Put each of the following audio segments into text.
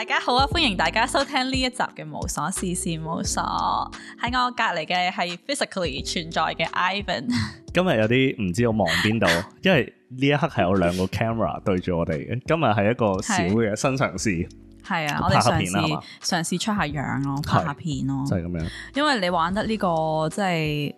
大家好啊！歡迎大家收聽呢一集嘅無瑣事事務所。喺我隔籬嘅係 physically 存在嘅 Ivan。今日有啲唔知我忙邊度， 因為呢一刻係有兩個 camera 對住我哋嘅。今日係一個小嘅新嘗試，係啊，我哋拍下片啦嘛，嘗試吧出下樣咯，拍下片咯，就係、是、咁樣。因為你玩得呢、這個即係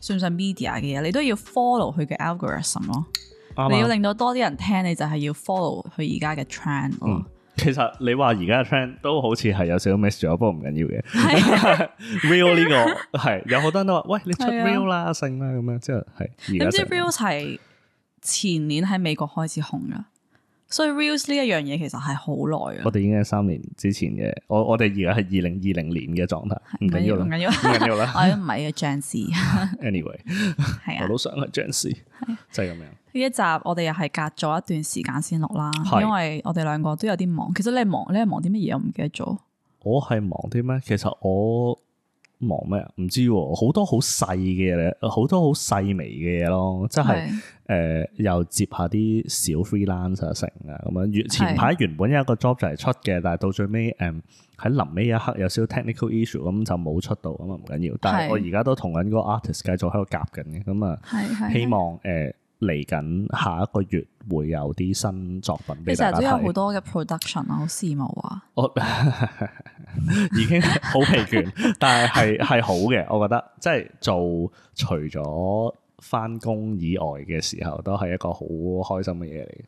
算唔算 media 嘅嘢，你都要 follow 佢嘅 algorithm 咯。啊、你要令到多啲人聽，你就係要 follow 佢而家嘅 trend 咯。嗯其實你話而家嘅 trend 都好似係有少少 miss 咗，不過唔緊要嘅。啊、 real 呢、這個係 有好多人都話，喂，你出 real 啦，升啦咁樣，之後係。你 知以 real 係前年喺美國開始紅噶，所以 real 呢一樣嘢其實係好耐啊。我哋已經係三年之前嘅，我我哋而家係二零二零年嘅狀態，唔緊要唔緊要啦，我都唔係個 Gen Z。 anyway，係啊，我都想係 Gen Z，即係咁樣。是的 呢一集我哋又係隔咗一段時間先錄啦，是因為我哋兩個都有啲忙。其實你係忙，你係忙啲乜嘢？我唔記得咗。我係忙啲咩？其實我忙咩？唔知啊，好多好細嘅嘢，好多好細微嘅嘢咯。即係誒，又接一下啲小 freelancer 啊成啊咁樣。前排原本有一個 job 就係出嘅，但係到最尾誒喺臨尾一刻有少 technical issue，咁就冇出到啊嘛，唔緊要。但係我而家都同緊嗰個 artist 繼續喺度夾緊嘅，咁啊，是希望誒。呃嚟緊下一個月會有啲新作品。你其實都有好多嘅 production 啊，好羨慕啊。我 已經好疲倦， 但係係係好嘅，我覺得即係做除咗翻工以外嘅時候，都係一個好開心嘅嘢嚟。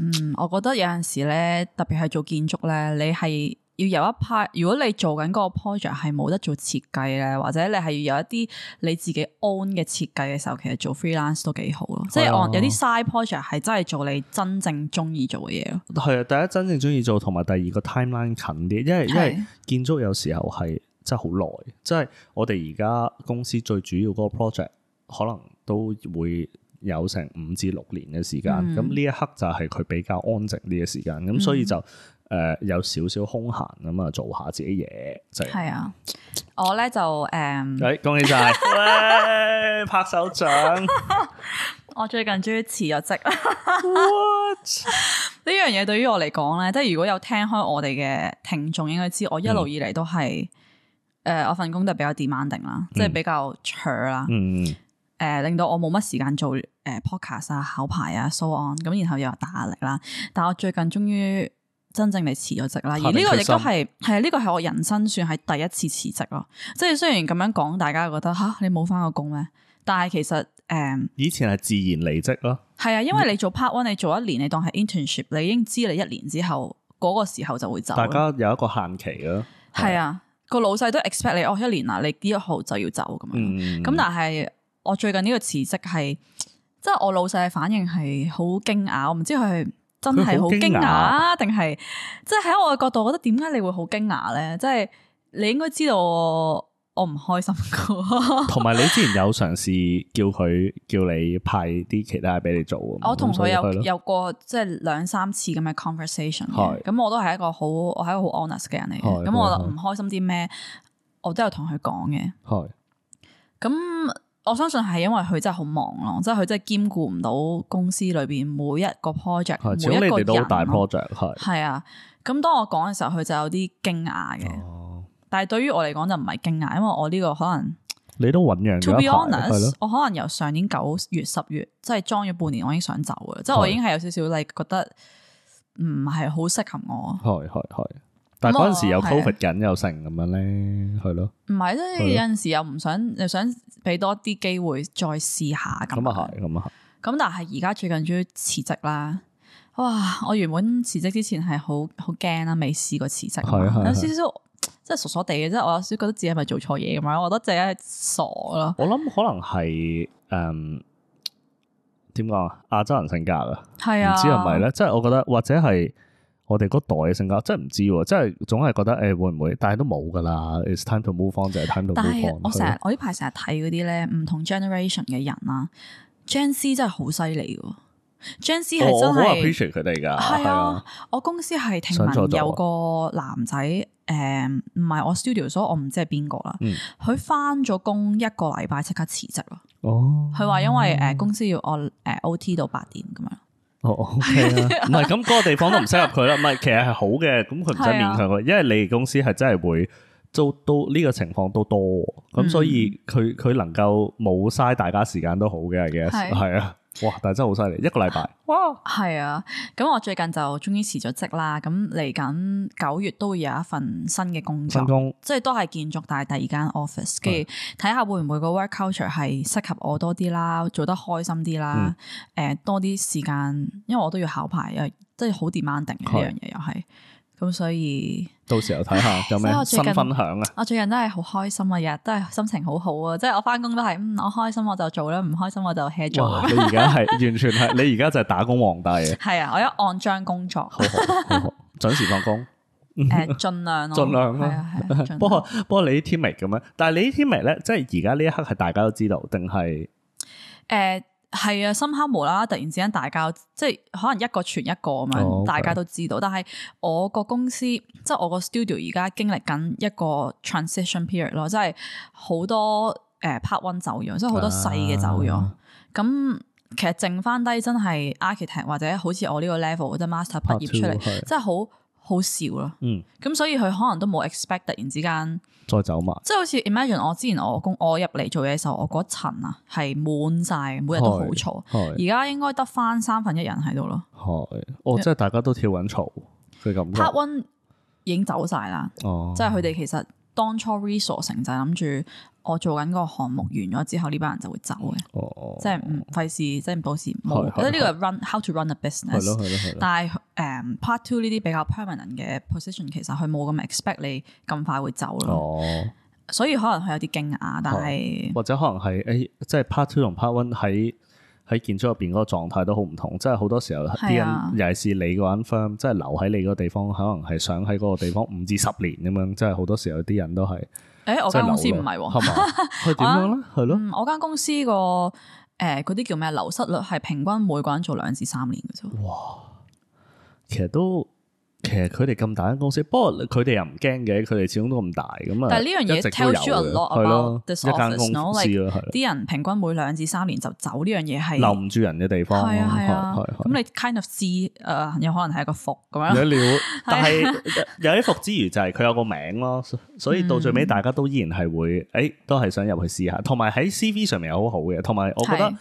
嗯，我覺得有陣時咧，特別係做建築咧，你係。要有一 part，如果你做緊嗰個 project 係冇得做設計咧，或者你係要有一啲你自己 own 嘅設計嘅時候，其實做 freelance 都幾好咯。哎、呀即係 own 有啲 side project 係真係做你真正中意做嘅嘢咯。係啊，第一真正中意做，同埋第二個 timeline 近啲，因為的因為建築有時候係真係好耐，即、就、係、是、我哋而家公司最主要嗰個 project 可能都會有成五至六年嘅時間。咁呢、嗯、一刻就係佢比較安靜呢個時間，咁所以就。嗯誒，uh, 有少少空閒啊嘛，做下自己嘢，就係、是、啊。我咧就誒、um, 哎，恭喜晒， 拍手掌。 我最近終於辭咗職啦。呢 What? 樣嘢對於我嚟講咧，即係如果有聽開我哋嘅聽眾，應該知我一路以嚟都係誒、嗯呃，我份工都係比較 demanding 啦，即係、嗯、比較長啦。嗯誒、呃，令到我冇乜時間做誒 podcast 啊、考牌啊、so on。咁，然後又有大壓力啦。但係我最近終於。真正嚟辭咗職啦，而呢個亦都係係呢個係我人生算係第一次辭職咯。即係雖然咁樣講，大家覺得吓、啊、你冇翻過工咩？但係其實誒，嗯、以前係自然離職咯。係啊，因為你做 part one，你做一年，你當係 internship，、嗯、你已經知你一年之後嗰、那個時候就會走。大家有一個限期咯。係啊，個的老細都 expect 你哦，一年啦，你幾號就要走咁啊？咁、嗯、但係我最近呢個辭職係，即係我老細嘅反應係好驚訝，我唔知佢。真係好驚訝啊？定係即係喺我嘅角度，我覺得點解你會好驚訝咧？即係你應該知道我我唔開心噶。同埋你之前有嘗試叫佢叫你派啲其他嘢俾你做。我同佢有有過即係兩三次咁嘅 conversation 嘅是。咁我都係一個好我係一個好 honest 嘅人嚟嘅。咁是我唔開心啲咩，是我都有同佢講嘅。咁是。我相信係因為佢真係好忙咯，即係佢真係兼顧唔到公司裏邊每一個 project，每一個人咯，每一個都好大 project。係係啊，咁當我講嘅時候，佢就有啲驚訝嘅。哦，但係對於我嚟講就唔係驚訝，因為我呢個可能你都揾 To be honest，的我可能由上年九月十月，即係裝咗半年，我已經想走嘅，即係的我已經係有少少，你覺得唔係好適合我。係係係。但嗰陣時又 cover 緊又成咁樣咧，係咯？唔係，即係有陣時又唔想又想俾多啲機會再試下咁。咁啊係，咁啊咁但係而家最近終於辭職啦。哇！我原本辭職之前係好好驚啦，未試過辭職，是啊是啊是有少少即係傻傻地嘅，即係我有少覺得自己係咪做錯嘢咁樣？我覺得自己係傻咯。我諗可能係誒，點講啊？亞洲人性格啊，係啊，唔知係咪咧？即係我覺得或者係。我哋嗰代嘅性格真係唔知，真係總係覺得誒、欸、會唔會？但係都冇噶啦，It's time to move on 就係 time to move on。但係吧我成日我呢排成日睇嗰啲咧，唔同 generation 嘅人啦 Gen Z 真係好犀利嘅，Gen Z 係真係、哦。我好 appreciate 佢哋噶。係啊，我公司係聽聞有個男仔，誒、嗯，唔係我 studio，所以我唔知係邊個啦。佢翻咗工一個禮拜，即刻辭職啦。哦，佢話因為誒公司要我誒 OT 到八點咁樣。哦、oh,，OK 啦， 唔係咁嗰個地方都唔適合佢啦，唔係其實係好嘅，咁佢唔使勉強佢，是啊、因為你哋公司係真係會做到呢個情況都多，咁、嗯、所以佢佢能夠冇嘥大家時間都好嘅 g u e 係啊。哇！但係真係好犀利，一個禮拜哇，係啊！咁我最近就終於辭咗職啦，咁嚟緊九月都會有一份新嘅工作，工即係都係建築，但係第二間 office，跟住睇下會唔會個 work culture 係適合我多啲啦，做得開心啲啦，誒、嗯呃，多啲時間，因為我都要考牌，因即係好 demanding 呢樣嘢又係。嗯咁所以到時候睇下有咩新分享啊！我最近都係好開心啊，日日都係心情好好啊，即係我翻工都係，嗯，我開心我就做啦，唔開心我就 hea 咗。你而家係完全係，你而家就打工皇帝。係啊，我一按章工作，準時放工，誒，盡量盡量咯。不過不過你啲 teammate 咁樣，但係你啲 teammate 咧，即係而家呢一刻係大家都知道定係誒？係啊，深刻無啦啦突然之間大家，即係可能一個傳一個啊嘛，oh, okay. 大家都知道。但係我個公司即係我個 studio 而家經歷緊一個 transition period 咯，即係好多誒 part one 走咗，即係好多細嘅走咗。咁、uh. 其實剩翻低真係 architect 或者好似我呢個 level 即 master 畢業出嚟，Part two, yes. 即係好。好少咯，咁、嗯、所以佢可能都冇 expect，突然之間再走埋，即係好似 imagine 我之前我，我工我入嚟做嘢嘅時候，我嗰層啊係滿晒，每日都好嘈，而家嘿應該得翻三分一人喺度咯，係，哦，即係大家都跳緊嘈，佢咁，part one 已經走晒啦，哦，即係佢哋其實。當初 resourcing 就係諗住我做緊個項目完咗之後，呢班人就會走嘅、哦，即係唔費事，即係唔保到時冇。的覺得呢個係 run 的 how to run a business。但係誒、um, part two 呢啲比較 permanent 嘅 position，其實佢冇咁 expect 你咁快會走咯。哦、所以可能佢有啲驚訝，但係或者可能係誒，即、哎、係、就係、part two 同 part one 喺。喺建築入邊嗰個狀態都好唔同，即係好多時候啲人，是啊、尤其是你個 firm，即係留喺你個地方，可能係想喺嗰個地方五至十年咁樣，即係好多時候啲人都係。誒、欸，我間公司唔係喎，係點樣咧？係咯、 嗯，我間公司個誒嗰啲叫咩流失率係平均每個人做兩至三年嘅啫。哇，其實都～其實佢哋咁大間公司，不過佢哋又唔驚嘅，佢哋始終都咁大咁啊。但係呢樣嘢 tell you a lot 係咯，一間公司啲人平均每兩至三年就走，呢樣嘢係留唔住人嘅地方。係啊，係啊。咁你 kind of see 誒，有可能係一個伏咁樣。料，但係有一伏之餘就係佢有個名咯，所以到最尾大家都依然係會誒，都係想入去試下。同埋喺 CV 上面有好好嘅，同埋我覺得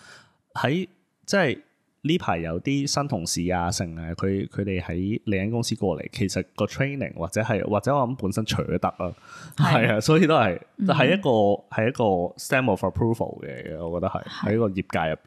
喺即係。呢排有啲新同事啊，成日佢佢哋喺另一公司過嚟，其實個 training 或者係或者我諗本身除咗得啊，係啊的，所以都係，嗯、就係一個係的一個 stamp of approval 嘅，我覺得係喺的個業界入邊。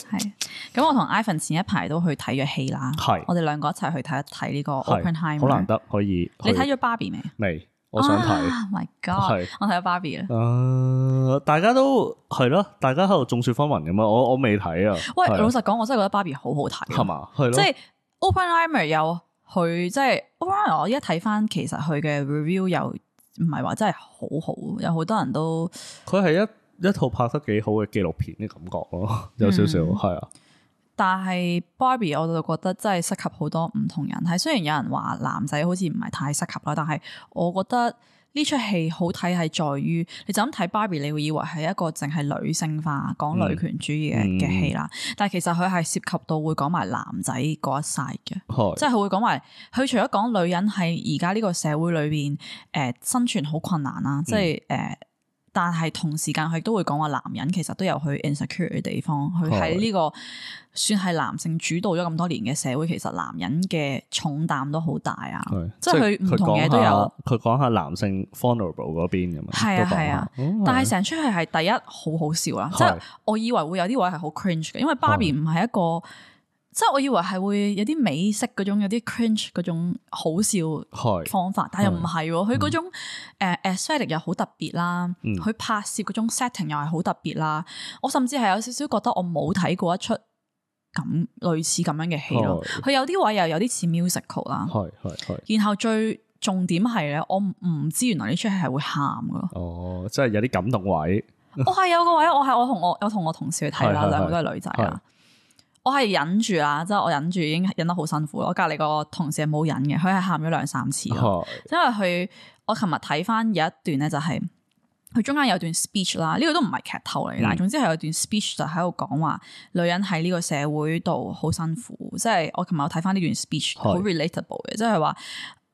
係，咁我同 Ivan 前一排都去睇咗戲啦。係的，我哋兩個一齊去睇一睇呢個 Oppenheimer。好難得可以，可以你睇咗 Barbie 未？未。我想睇、oh，My God，係我睇咗 Barbie 咧。啊、uh，大家都係咯，大家喺度眾說紛紜咁啊！我我未睇啊。喂，老實講，我真係覺得 Barbie 好好睇，係嘛？係咯。即係 Oppenheimer 有佢，即係 Oppenheimer。我依家睇翻，其實佢嘅 review 又唔係話真係好好，有好多人都。佢係一一套拍得幾好嘅紀錄片嘅感覺咯，有少少係啊。嗯但係 Barbie，我就覺得真係適合好多唔同人。係雖然有人話男仔好似唔係太適合啦，但係我覺得呢出戲好睇係在於你就咁睇 Barbie，你會以為係一個淨係女性化講女權主義嘅嘅戲啦。但係其實佢係涉及到會講埋男仔嗰一 side 嘅是， 即係佢會講埋佢除咗講女人係而家呢個社會裏邊誒生存好困難啦，嗯、即係誒。呃但係同時間佢都會講話男人其實都有去 insecure 嘅地方，佢喺呢個算係男性主導咗咁多年嘅社會，其實男人嘅重擔都好大啊！的即係佢唔同嘢都有。佢講下、下男性 vulnerable 嗰邊咁啊，係啊係啊，但係成出戲係第一好好笑啊。即係的的我以為會有啲位係好 cringe 嘅，因為 Barbie 唔係一個。即係我以為係會有啲美式嗰種有啲 cringe 嗰種好笑方法，但又唔係佢嗰種誒、嗯、呃，aesthetic 又好特別啦。佢拍攝嗰種 setting 又係好特別啦。我甚至係有少少覺得我冇睇過一出咁類似咁樣嘅戲咯。佢有啲位又有啲似 musical 啦。然後最重點係咧，我唔知原來呢出戲係會喊噶。哦，即係有啲感動位，， 哦，我係有個位，我係我同我我同我同事去睇啦，兩 個都係女仔啊。 我係忍住啦，即、就、係、是、我忍住已經忍得好辛苦。我隔籬個同事係冇忍嘅，佢係喊咗兩三次。因為佢我琴日睇翻有一段咧、就是，就係佢中間有段 speech 啦，呢、這個都唔係劇透嚟，但係、嗯、總之係有段 speech 就喺度講話女人喺呢個社會度好辛苦，即係我琴日我睇翻呢段 speech 好 relatable 嘅，即係話。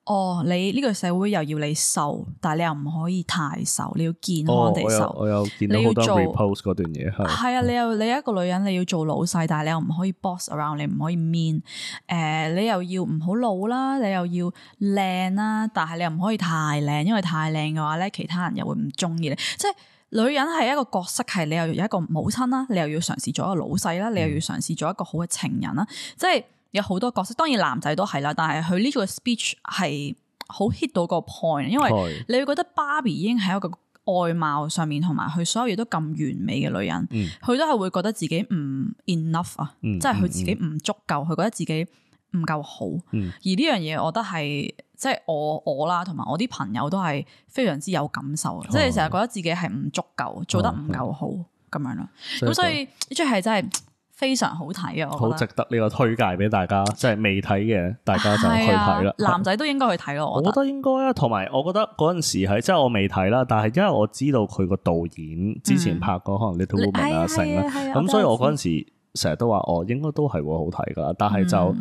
哦，你呢個社會又要你瘦，但係你又唔可以太瘦，你要健康地瘦。哦、我有，我有你要做 repost 嗰段嘢係。係啊，的嗯、你又你一個女人，你要做老細，但係你又唔可以 boss around，你唔可以 mean、呃。誒，你又要唔好老啦，你又要靚啦，但係你又唔可以太靚，因為太靚嘅話咧，其他人又會唔中意你。即係女人係一個角色，係你又有一個母親啦，你又要嘗試做一個老細啦，你又要嘗試做一個好嘅情人啦，嗯、即係。有好多角色，當然男仔都係啦，但係佢呢個 speech 係好 hit 到個 point，因為你會覺得 Barbie 已經係一個外貌上面同埋佢所有嘢都咁完美嘅女人，佢、嗯、都係會覺得自己唔 enough 啊、嗯，即係佢自己唔足夠，佢、嗯、覺得自己唔夠好。嗯、而呢樣嘢，我覺得係即係我我啦，同埋我啲朋友都係非常之有感受，即係成日覺得自己係唔足夠，嗯、做得唔夠好咁、嗯嗯、樣咯。咁所以即係真係。以非常好睇啊！好值得呢個推介俾大家， 即係未睇嘅，大家就去睇啦。 男仔都應該去睇咯，我覺得應該啊。同 埋，我覺得嗰陣時係即係我未睇啦，但係因為我知道佢個導演之前拍過、嗯、可能《Little Woman、哎呀》啊成啦，咁所以我嗰陣時成日都話哦，應該都係會好睇噶啦。但係就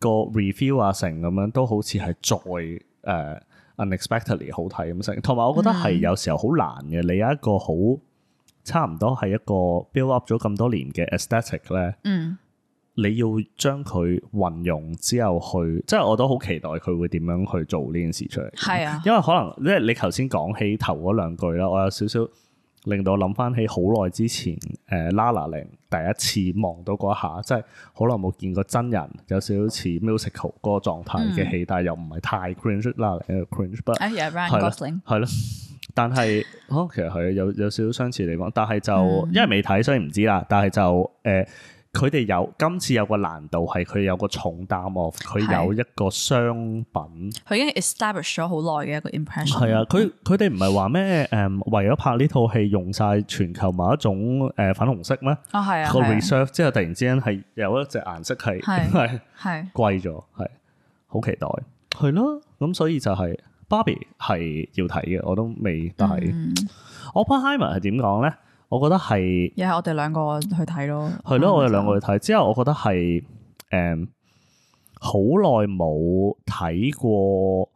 個 review 啊成咁樣都好似係再誒、uh, unexpectedly 好睇咁成。同埋，我覺得係有時候好難嘅，你有一個好。嗯差唔多係一個 build up 咗咁多年嘅 aesthetic 咧，嗯，你要將佢運用之後去，即係我都好期待佢會點樣去做呢件事出嚟。係啊，因為可能即係你頭先講起頭嗰兩句啦，我有少少令到我諗返起好耐之前，誒、呃、La La Land 第一次望到嗰下，即係好耐冇見過真人，有少少似 musical 嗰個狀態嘅戲，嗯、但係又唔係太 cringe、啊。La La Land 又 cringe，but 哦，yeah，Ryan Gosling，係咯。但係，哦，其實佢有有少少相似嚟講，但係就因為未睇，所以唔知啦。但係就誒，佢哋有今次有個難度係佢有個重擔喎，佢有一個商品，佢已經 establish 咗好耐嘅一個 impression。係啊，佢佢哋唔係話咩誒？為咗拍呢套戲用晒全球某一種誒粉紅色咩？啊，係啊，個 reserve 之後突然之間係有一隻顏色係係係貴咗，係好期待。係咯，咁所以就係。Bobby 係要睇嘅，我都未睇。嗯、Oppenheimer 係點講咧？我覺得係，又係、yeah, 我哋兩個去睇咯。係咯，我哋兩個去睇。之後我覺得係，誒，好耐冇睇過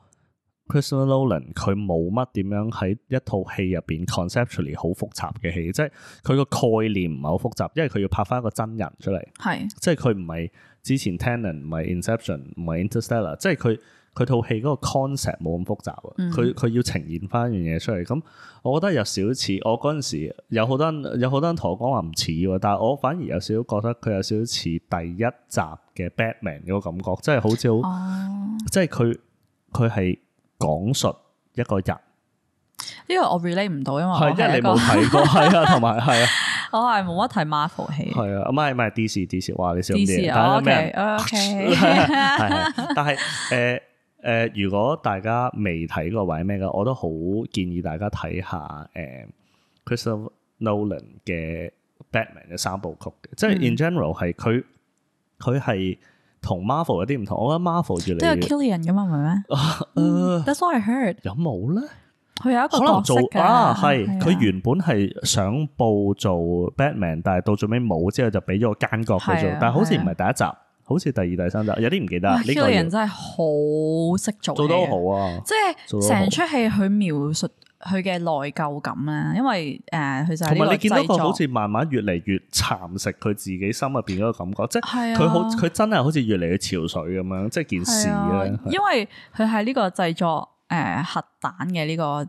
c h r i s t o p h e o l a n 佢冇乜點樣喺一套戲入邊 conceptually 好複雜嘅戲，即係佢個概念唔係好複雜，因為佢要拍翻一個真人出嚟，係是，即係佢唔係之前 Tenon n 唔係 Inception 唔係 Interstellar，即係佢。佢套戲嗰個 concept 冇咁複雜啊，佢佢要呈現翻一樣嘢出嚟，咁我覺得有少似，我嗰陣時有好多有好多人同我講話唔似喎，但係我反而有少少覺得佢有少少似第一集嘅 Batman 嗰個感覺，即係好似好，啊、即係佢佢係講述一個人。呢個我 relate 唔到，因為我即係你冇睇過，係 啊，同埋係啊，我係冇乜睇 Marvel 戲，係啊，唔係唔係 DC DC，哇，你少啲，DC, 但係咩？Okay, okay 但係誒。呃誒、呃，如果大家未睇過或者咩嘅，我都好建議大家睇下誒 Christopher Nolan 嘅 Batman 嘅三部曲嘅，即係 in general 係佢佢係同 Marvel 有啲唔同。我覺得 Marvel 越嚟越，都有 kill 人㗎嘛，唔係咩？That's what I heard 有有。有冇咧？佢有一個角色可能做啊，係佢的原本係想報做 Batman，但係到最尾冇之後就俾咗個奸角去做的的，但係好似唔係第一集。好似第二、第三集有啲唔記得。呢、啊、個人真係好識做。做得好啊，即係成出戲佢描述佢嘅內疚感咧，因為誒佢、呃、就同埋你見到一個好似慢慢越嚟越蠶食佢自己心入邊嗰個感覺，即係佢好佢真係好似越嚟越憔悴咁樣，即係件事咧、啊啊。因為佢係呢個製作誒、呃、核彈嘅呢、這個。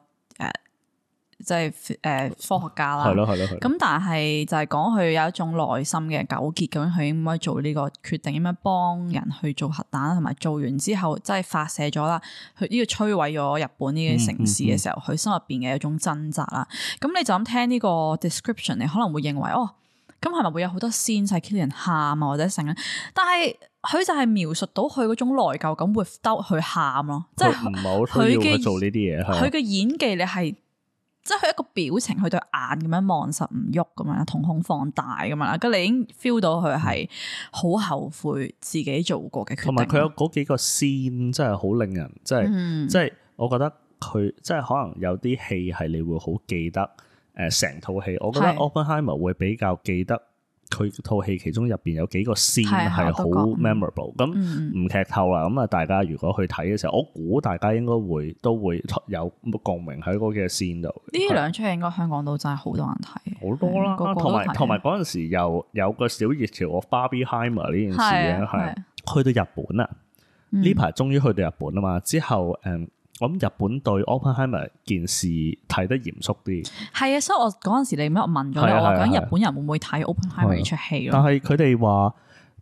即係誒科學家啦，係咯係咯。咁但係就係講佢有一種內心嘅糾結，咁佢應該做呢個決定，應該幫人去做核彈同埋做完之後即係、就是、發射咗啦，佢、這、呢個摧毀咗日本呢啲城市嘅時候，佢心入邊嘅一種掙扎啦。咁、嗯嗯、你就咁聽呢個 description，你可能會認為哦，咁係咪會有好多 scene 叫人喊啊或者成咧？但係佢就係描述到佢嗰種內疚，咁會兜佢喊咯，即係佢嘅佢嘅演技你係。即係佢一個表情，佢對眼咁樣望實唔喐，咁樣啦，瞳孔放大咁樣啦，咁你已經 feel 到佢係好後悔自己做過嘅決定。同埋佢有嗰幾個 scene，真係好令人，嗯、即係即係、呃，我覺得佢即係可能有啲戲係你會好記得誒，成套戲，我覺得 Oppenheimer 會比較記得。佢套戲其中入邊有幾個線係好 memorable，咁唔劇透啦。咁啊，大家如果去睇嘅時候，我估大家應該會都會有共鳴喺嗰個線度。呢兩出嘢應該香港都真係好多人睇，好是是多啦。同埋同埋嗰陣時又有，有個小熱潮 Barbieheimer 呢件事咧係、啊、去到日本啊。呢排、嗯、終於去到日本啊嘛，之後誒。嗯咁日本對 Oppenheimer 件事睇得嚴肅啲，係啊，所以我嗰陣時你乜問咗我，我講日本人會唔會睇 Oppenheimer 呢出戲咯？但係佢哋話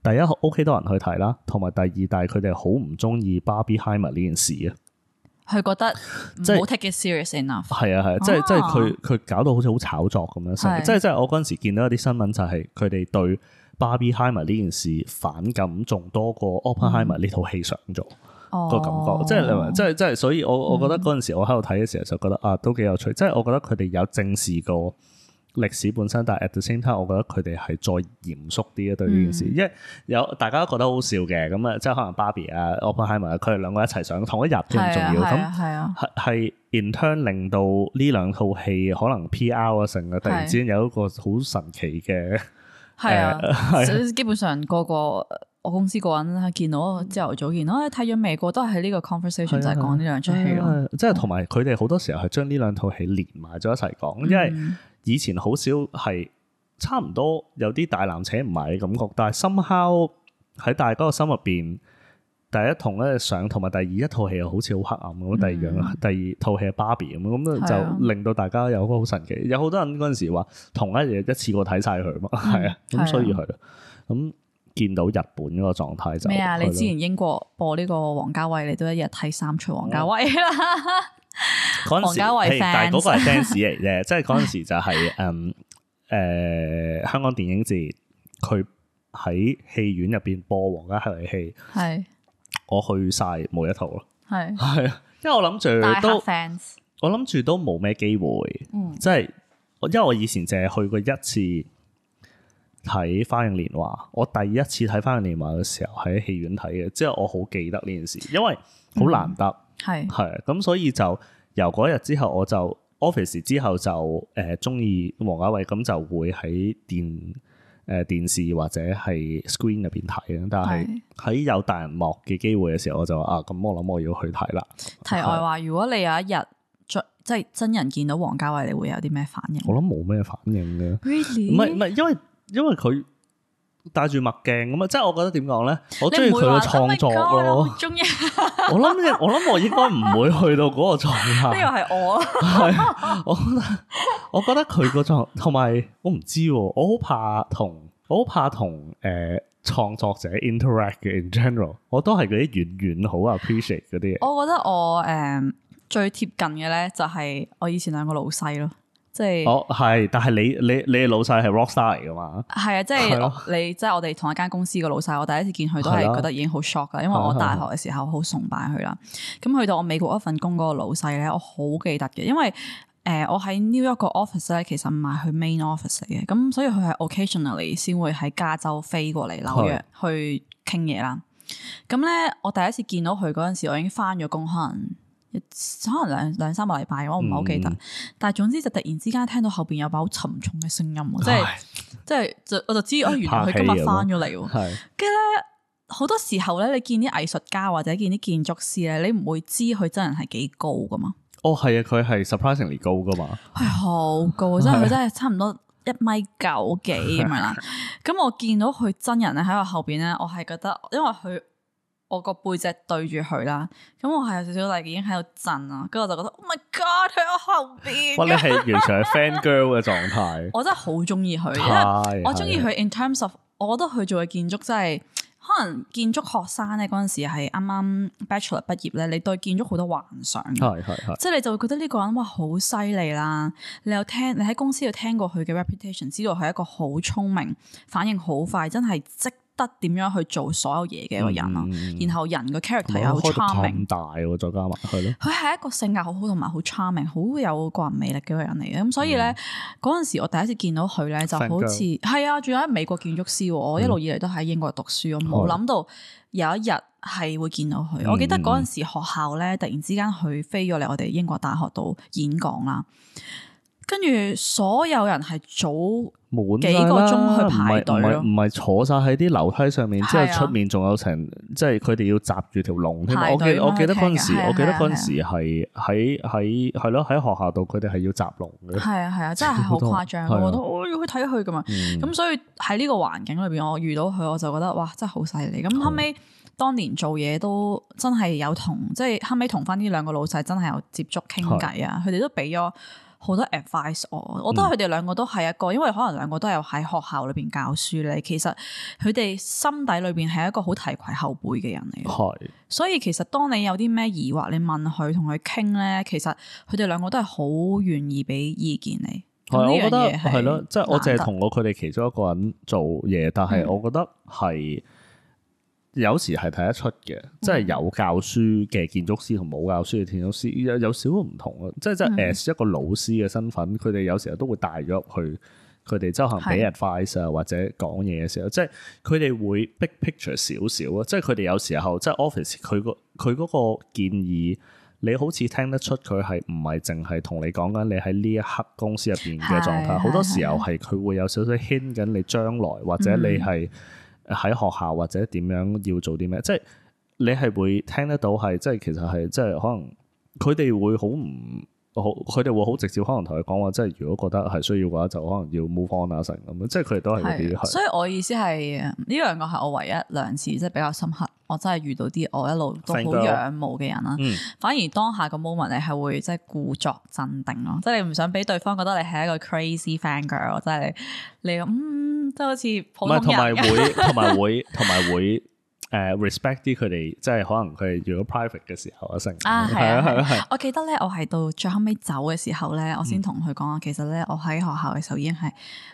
第一 OK 多人去睇啦，同埋第二，但係佢哋好唔中意 Barbieheimer 呢件事啊，佢覺得即係冇 take it serious enough，係啊係啊，即係即係佢佢搞到好似好炒作咁樣，的即係即係我嗰陣時見到一啲新聞就係佢哋對 Barbieheimer 呢件事反感仲多過 Oppenheimer 呢套、嗯、戲上咗。個、哦、感覺，即係，即係，即係，所以我，我，嗯覺就是，我覺得嗰陣時我喺度睇嘅時候就覺得啊，都幾有趣。即係我覺得佢哋有正視過歷史本身，但係 At the same time 我覺得佢哋係再嚴肅啲啊。對呢件事，嗯、因為有大家都覺得好笑嘅，咁啊，即係可能 Barbie 啊 Oppenheimer 啊，佢哋兩個一齊上同一日都唔重要。咁係係 Intern 令到呢兩套戲可能 PR 啊成日突然之間有一個好神奇嘅，係啊、嗯、啊，啊，基本上個個。我公司嗰人咧，見到朝頭早見到睇咗未？過、哎、都係呢個 conversation 的就係講呢兩出戲咯。即係同埋佢哋好多時候係將呢兩套戲連埋咗一齊講，因為以前好少係差唔多有啲大纜扯唔埋嘅感覺。但係 somehow 喺大家個心入邊，第一同咧上，同埋第二一套戲又好似好黑暗咁。嗯、第二樣第二套戲係芭比。r 咁，咁就令到大家有個好神奇。有好多人嗰陣時話同一日一次過睇晒佢嘛，係啊、嗯，咁所以佢。咁。見到日本嗰個狀態就咩啊？都你之前英國播呢個王家衛，你都一日睇三出王家衛啦。嗰陣、哦、 時，但係嗰個係 fans 嚟嘅。 即係嗰陣時就係嗯誒香港電影節，佢喺戲院入邊播王家衛嘅戲，係是我去晒冇一套咯，係係是， 因為我諗住都我諗住都冇咩機會，即係、嗯、因為我以前淨係去過一次。睇《花樣年華》，我第一次睇《花樣年華》嘅時候喺戲院睇嘅，之後我好記得呢件事，因為好難得係係，咁、嗯、所以就由嗰日之後，我就 office 之後就誒中意王家衛，咁就會喺電誒、呃、電視或者係 screen 入邊睇嘅。但係喺有大人幕嘅機會嘅時候，我就話啊咁，我諗我要去睇啦。題外話，是如果你有一日即係真人見到王家衛，你會有啲咩反應？我諗冇咩反應嘅，really 唔係唔係因為。因為佢戴住墨鏡咁啊，即係我覺得點講咧，我中意佢嘅創作咯。中意。我諗，我諗，我應該唔會去到嗰個狀態。呢個係我。係。我，我覺得佢個狀態，同埋我唔知，我好怕同，我好怕同誒創作者 interact in general。我都係嗰啲遠遠好 appreciate 嗰啲嘢。我覺得我誒、呃、最貼近嘅咧，就係、是、我以前兩個老細咯。即係，我係、就是哦，但係你你你嘅老細係 Rockstar 嚟噶嘛？係啊，即、就、係、是、是的 你即係、就是、我哋同一間公司嘅老細，我第一次見佢都係覺得已經好 shock 啦，是的 因為我大學嘅時候好崇拜佢啦。咁去到我美國一份工嗰個老細咧，我好記得嘅，因為誒、呃、我喺 New York office 咧，其實唔係佢 main office 嘅，咁所以佢係 occasionally 先會喺加州飛過嚟紐是的 約去傾嘢啦。咁咧是的 我第一次見到佢嗰陣時，我已經翻咗工可能。可能兩兩三個禮拜，我唔係好記得。嗯、但係總之就突然之間聽到後邊有把好沉重嘅聲音，即係即係就我就知哦，原來佢今日翻咗嚟。跟住咧，好多時候咧，你見啲藝術家或者見啲建築師咧，你唔會知佢真人係幾高㗎嘛？哦，係啊，佢係 surprisingly 高㗎嘛？係好高，即係佢真係是的 差唔多一米九幾咁樣啦。咁我見到佢真人咧喺我後邊咧，我係覺得因為佢。我個背脊對住佢啦，咁、嗯、我係有少少嚟，已經喺度震啦，跟住我就覺得，Oh my God，佢喺我後邊。 哇，你係完全係 fan girl 嘅狀態。 我真係好中意佢，因為我中意佢。In terms of，我覺得佢做嘅建築真係，可能建築學生咧，嗰陣時係啱啱 bachelor 畢業咧，你對建築好多幻想係係係即係你就會覺得呢個人哇好犀利啦，你有聽你喺公司有聽過佢嘅 reputation，知道佢係一個好聰明、反應好快，真係即。得點樣去做所有嘢嘅一個人咯，嗯、然後人嘅 character、嗯、又好 charming 大喎，再加埋佢，咯，佢係一個性格好好同埋好 charming，好有個人魅力嘅一個人嚟嘅。咁所以咧，嗰陣、嗯、時我第一次見到佢咧，就好似係 ing 啊，仲有美國建築師喎。我一路以嚟都喺英國讀書，我冇諗到有一日係會見到佢。嗯、我記得嗰陣時學校咧，突然之間佢飛咗嚟我哋英國大學度演講啦，跟住所有人係早。滿啦，幾個鐘去排隊，唔係坐晒喺啲樓梯上面，即係出面仲有成，即係佢哋要閘住條龍。我記我記得嗰陣時，我記得嗰陣時係喺喺係咯喺學校度，佢哋係要閘龍嘅。係啊係啊，真係好誇張咯！我都我要去睇佢㗎嘛，咁所以喺呢個環境裏邊，我遇到佢，我就覺得哇，真係好犀利！咁後尾當年做嘢都真係有同，即係後尾同返呢兩個老細真係有接觸傾偈啊，佢哋都俾咗。好多 advice 我，我得佢哋兩個都係一個，嗯、因為可能兩個都有喺學校裏邊教書咧。其實佢哋心底裏邊係一個好提携後輩嘅人嚟，係。是 所以其實當你有啲咩疑惑，你問佢同佢傾咧，其實佢哋兩個都係好願意俾意見你。係是，我覺得係咯，即係難得 我就係同我佢哋其中一個人做嘢，但係我覺得係。嗯有時係睇得出嘅，即係有教書嘅建築師同冇教書嘅建築師有有少少唔同咯。嗯、即係即係誒一個老師嘅身份，佢哋有時候都會帶咗入去佢哋周行俾人 advice 啊，是或者講嘢嘅時候，即係佢哋會 big picture 少少啊。即係佢哋有時候即係 office 佢個佢嗰個建議，你好似聽得出佢係唔係淨係同你講緊你喺呢一刻公司入邊嘅狀態。好多時候係佢會有少少牽緊你將來，或者你係。嗯喺學校或者點樣要做啲咩？即係你係會聽得到係，即係其實係即係可能佢哋會好唔。好，佢哋會好直接，可能同佢講話，即係如果覺得係需要嘅話，就可能要 move on 啊，成咁樣，即係佢哋都係嗰啲。所以我意思係，呢兩個係我唯一兩次即係比較深刻，我真係遇到啲我一路都好仰慕嘅人啦。Fan girl. 反而當下個 moment 你係會即係故作鎮定咯，嗯、即係你唔想俾對方覺得你係一個 crazy fan girl，真係你，你嗯，即係好似普通人。唔係同埋會，同埋 會，同埋會。 誒，respect 啲佢哋，即係可能佢遇到 private 嘅時候一成。啊，係啊係啊係！我記得咧，我係到最後尾走嘅時候咧，我先同佢講，其實咧我喺學校嘅時候已經係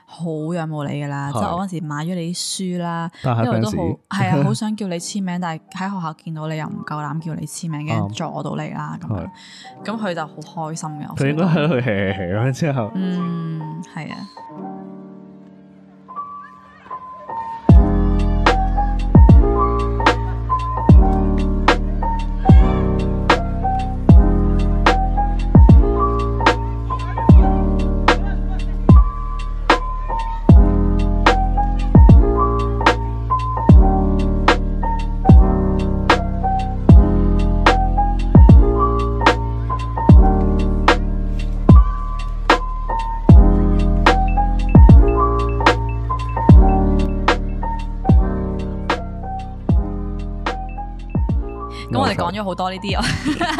好仰慕你噶啦，即係我嗰時買咗你啲書啦，因為都好係啊，好想叫你簽名，但係喺學校見到你又唔夠膽叫你簽名，嘅人阻到你啦咁。咁佢就好開心嘅。佢應該喺度，咁之後。嗯，係啊。咁我哋講咗好多呢啲，啊，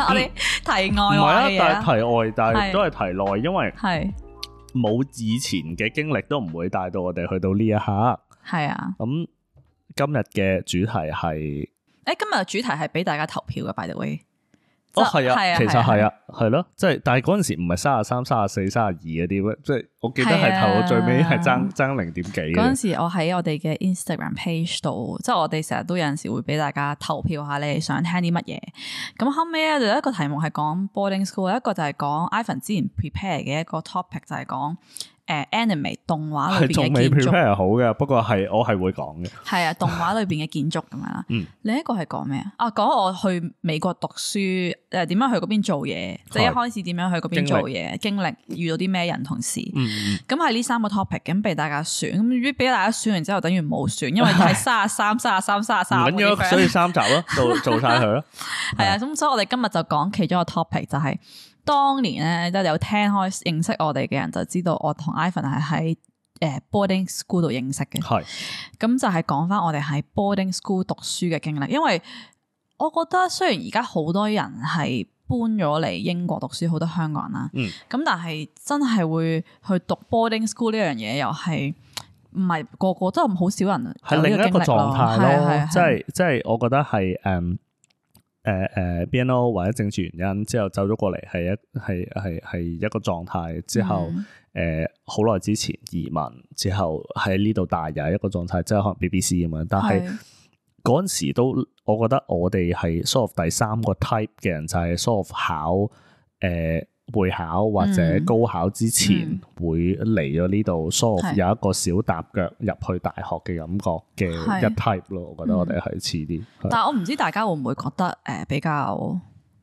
我哋題外唔係啊，但係題外，但係都係題內，係因為係冇以前嘅經歷都唔會帶到我哋去到呢一刻。係啊，咁今日嘅主題係，誒、欸，今日嘅主題係俾大家投票嘅，by the way。哦，係啊，其實係啊，係咯，即係，但係嗰陣時唔係三十三、三十四、三十二嗰啲咩，即係我記得係投到最尾係爭爭零點幾嘅。嗰陣時我喺我哋嘅 Instagram page 度，即係我哋成日都有陣時會俾大家投票下你哋想聽啲乜嘢。咁後尾咧就一個題目係講 boarding school，一個就係講 Ivan 之前 prepare 嘅一個 topic 就係講。誒，anime 動畫裏邊嘅建築仲未 prepare 好嘅，不過係我係會講嘅。係啊，動畫裏邊嘅建築咁樣啦。嗯，另一個係講咩啊？哦，講我去美國讀書，誒，點樣去嗰邊做嘢，即係一開始點樣去嗰邊做嘢，經歷遇到啲咩人同事。嗯嗯。咁係呢三個 topic 咁俾大家選，咁俾俾大家選完之後，等於冇選，因為係卅三、卅三、卅三，穩咗，所以三集咯，做做晒佢咯。係啊，咁所以我哋今日就講其中一個 topic 就係。當年咧，即係有聽開認識我哋嘅人，就知道我同 Ivan 係喺誒 boarding school 度認識嘅。係是，咁就係講翻我哋喺 boarding school 讀書嘅經歷。因為我覺得雖然而家好多人係搬咗嚟英國讀書，好多香港人啦，咁、嗯、但係真係會去讀 boarding school 呢樣嘢，又係唔係個個都好少人有呢個經歷，係另一個狀態咯。即係即係，就是就是、我覺得係誒。Um, 誒誒，BNO 或者政治原因之後走咗過嚟，係一係係係一個狀態。之後誒好耐之前移民，之後喺呢度大又係一個狀態，即係可能 BBC 咁樣。但係嗰陣時都，我覺得我哋係 sort of 第三個 type 嘅人，就係 sort of 考誒。會考或者高考之前、嗯嗯、會嚟咗呢度，so 有一個小搭腳入去大學嘅感覺嘅一 type 咯，是我覺得我哋係似啲。嗯、是但係我唔知大家會唔會覺得誒、呃、比較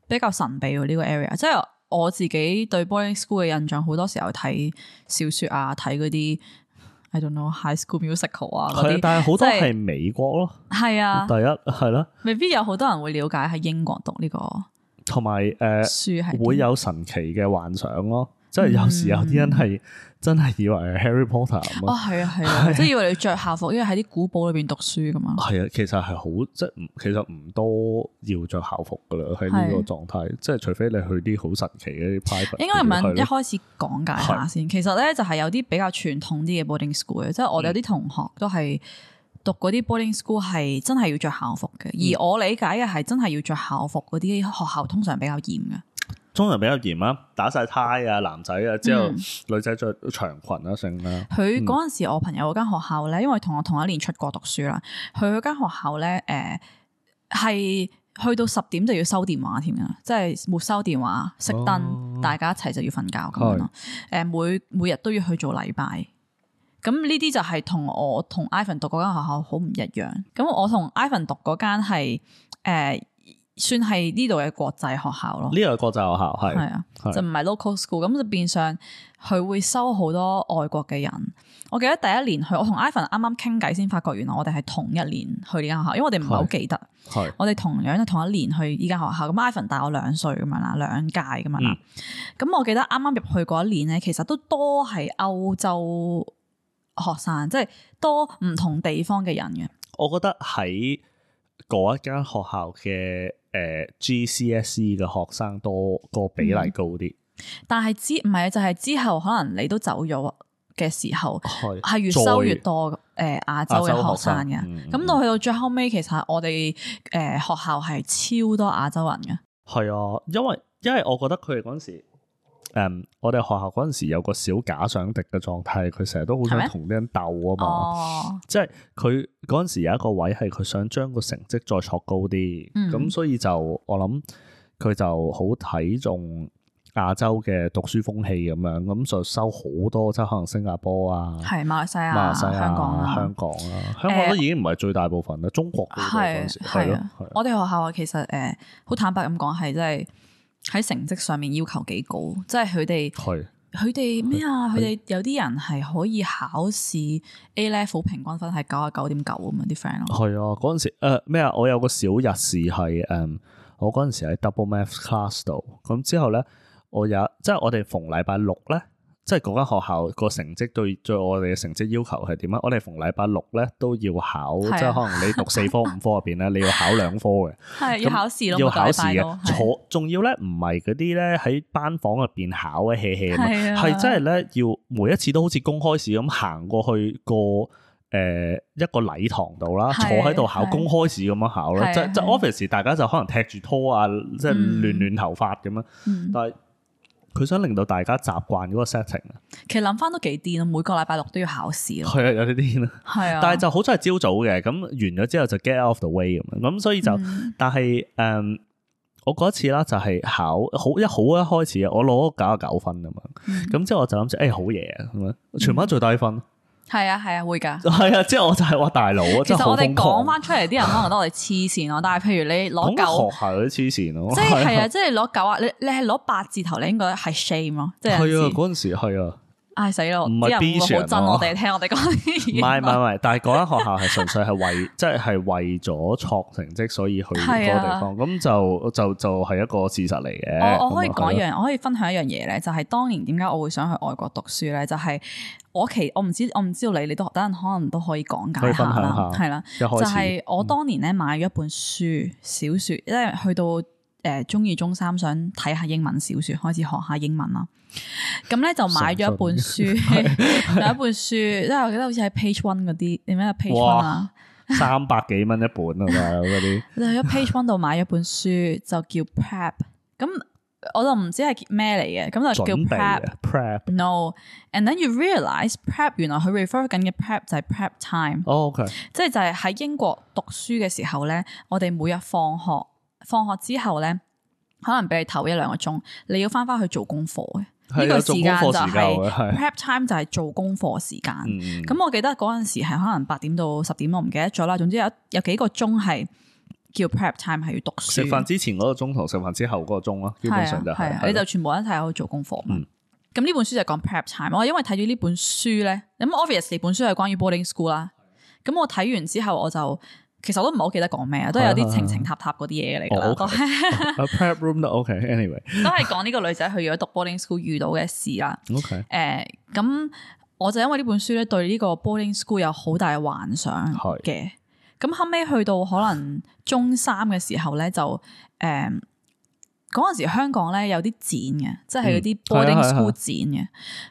比較神秘呢個 area，即係我自己對 boarding school 嘅印象，好多時候睇小說啊，睇嗰啲 I don't know High School Musical 啊，但係好多係美國咯，係啊、就是，的第一係咯，未必有好多人會了解喺英國讀呢、這個。同埋誒會有神奇嘅幻想咯，即係有時有啲人係真係以為 Harry Potter、嗯樣哦、啊，係啊係啊，啊啊即係以為你着校服，因為喺啲古堡裏邊讀書噶嘛。係啊，其實係好即係其實唔多要着校服噶啦，喺呢、啊、個狀態，即係除非你去啲好神奇嘅啲 private，應該唔係一開始講解下先、啊啊，其實咧就係有啲比較傳統啲嘅 boarding school，即係我哋有啲同學都係。嗯嗯讀嗰啲 boarding school 係真係要着校服嘅，而我理解嘅係真係要着校服嗰啲學校通常比較嚴噶通常比較嚴啊，打晒 tie 啊，男仔啊，之後女仔着長裙啊，剩啦，嗯。佢嗰陣時，我朋友嗰間學校咧，因為同我同一年出國讀書啦，佢嗰間學校咧，誒、呃、係去到十點就要收電話添啊，即係冇收電話，熄燈，哦、大家一齊就要瞓覺咁是樣咯。誒、呃，每每日都要去做禮拜。咁呢啲就係同我同 Ivan 讀嗰間學校好唔一樣。咁我同 Ivan 讀嗰間係、呃、算係呢度嘅國際學校咯。呢度國際學校係係啊，就唔係 local school。咁就變相佢會收好多外國嘅人。我記得第一年去，我同 Ivan 啱啱傾偈先發覺，原來我哋係同一年去呢間學校，因為我哋唔係好記得。係我哋同樣都同一年去呢間學校。咁 Ivan 大我兩歲咁樣啦，兩屆咁樣啦。咁、嗯、我記得啱啱入去嗰一年咧，其實都多係歐洲。學生即係多唔同地方嘅人嘅，我覺得喺嗰一間學校嘅誒、呃、GCSE 嘅學生多個比例高啲、嗯。但係之唔係就係、是、之後可能你都走咗嘅時候，係是越收越多誒亞再、呃、洲嘅學生嘅。咁到去到最後尾，其實我哋誒、呃、學校係超多亞洲人嘅。係啊，因為因為我覺得佢哋嗰陣時。誒，我哋學校嗰陣時有個小假想敵嘅狀態，佢成日都好想同啲人鬥啊嘛，即係佢嗰陣時有一個位係佢想將個成績再擢高啲，咁所以就我諗佢就好睇重亞洲嘅讀書風氣咁樣，咁就收好多，即係可能新加坡啊，係馬來西亞、香港啊、香港啊，香港都已經唔係最大部分啦，中國嘅係咯，我哋學校啊，其實誒，好坦白咁講係即係。喺成績上面要求幾高，即係佢哋，佢哋咩啊？佢哋有啲人係可以考試 A level 平均分係九啊九點九咁樣啲 friend 咯。係啊，嗰陣時咩啊、呃？我有個小日試係誒、嗯，我嗰陣時喺 double math class 度，咁之後咧，我有，即係我哋逢禮拜六咧。即係嗰間學校個成績對對我哋嘅成績要求係點啊？我哋逢禮拜六咧都要考，即係可能你讀四科五科入邊咧，你要考兩科嘅。係要考試咯，要考試嘅。坐仲要咧，唔係嗰啲咧喺班房入邊考嘅 hea hea 係真係咧要每一次都好似公開試咁行過去個誒一個禮堂度啦，坐喺度考公開試咁樣考啦。即係即係 office 大家就可能踢住拖啊，即係亂亂頭髮咁樣，但係。佢想令到大家習慣嗰個 setting 啊！其實諗翻都幾癲啊。每個禮拜六都要考試咯。係啊，有啲癲咯。係啊，但係就好在係朝早嘅，咁完咗之後就 get off the way 咁樣。咁所以就，嗯、但係誒、嗯，我嗰次啦就係考好一好一開始，我攞九十九分咁樣。咁之後我就諗住，誒好嘢啊！欸、全班最低分。嗯係啊係啊會噶，係啊即係我就係我大佬，啊。啊 其實我哋講翻出嚟啲人可能覺得我哋黐線咯。 但係譬如你攞九，係黐線咯。即係啊，即係攞九啊！啊啊你你係攞八字頭，你應該係 shame 咯。係啊，嗰陣時係啊。嗌死咯！啲、哎、人會好憎我哋，啊、聽我哋講啲嘢。唔係唔係， 但係嗰間學校係純粹係為，即係 為咗錯成績，所以去嗰個地方。咁 就就就係、就是、一個事實嚟嘅。我可以講一樣，我可以分享一樣嘢咧，就係、是、當年點解我會想去外國讀書咧？就係、是、我其我唔知，我唔知,知道你，你都等人可能都可以講解下啦，係啦。的就係我當年咧買咗一本書，小說，因為去到。誒，中二、中三想睇下英文小說，開始學下英文啦。咁咧就買咗一本書，有一本書，即係我記得好似喺 Page One 嗰啲，點啊 Page One 啊，三百幾蚊一本啊嘛，啲。你喺 Page One 度買咗本書就叫 Prep，咁我就唔知係咩嚟嘅，咁就叫 Prep。Prep，no，and then you realize Prep 原來佢 refer 緊嘅 Prep 就係 Prep time。Okay，即係就係喺英國讀書嘅時候咧，我哋每日放學。放學之後咧，可能俾你唞一兩個鐘，你要返返去做功課嘅。呢的個時間就係、是、prep time，就係做功課時間。咁、嗯、我記得嗰陣時係可能八點到十點，我唔記得咗啦。總之有有幾個鐘係叫 prep time，係要讀書。食飯之前嗰個鐘同食飯之後嗰個鐘咯，基本上就係、是，的你就全部一齊去做功課。咁呢、嗯、本書就講 prep time。我因為睇咗呢本書咧，咁 obvious 呢本書係關於 boarding school 啦。咁我睇完之後我就。其實我都唔係好記得講咩啊，都有啲情情塔塔嗰啲嘢嚟噶。A prep room 都 OK，anyway。都係講呢個女仔去咗讀 boarding school 遇到嘅事啦。OK、呃。誒，咁我就因為呢本書咧對呢個 boarding school 有好大嘅幻想嘅，咁 後尾去到可能中三嘅時候咧就誒。呃嗰陣時香港咧有啲展嘅，即係嗰啲 boarding school、嗯、school 嘅展嘅。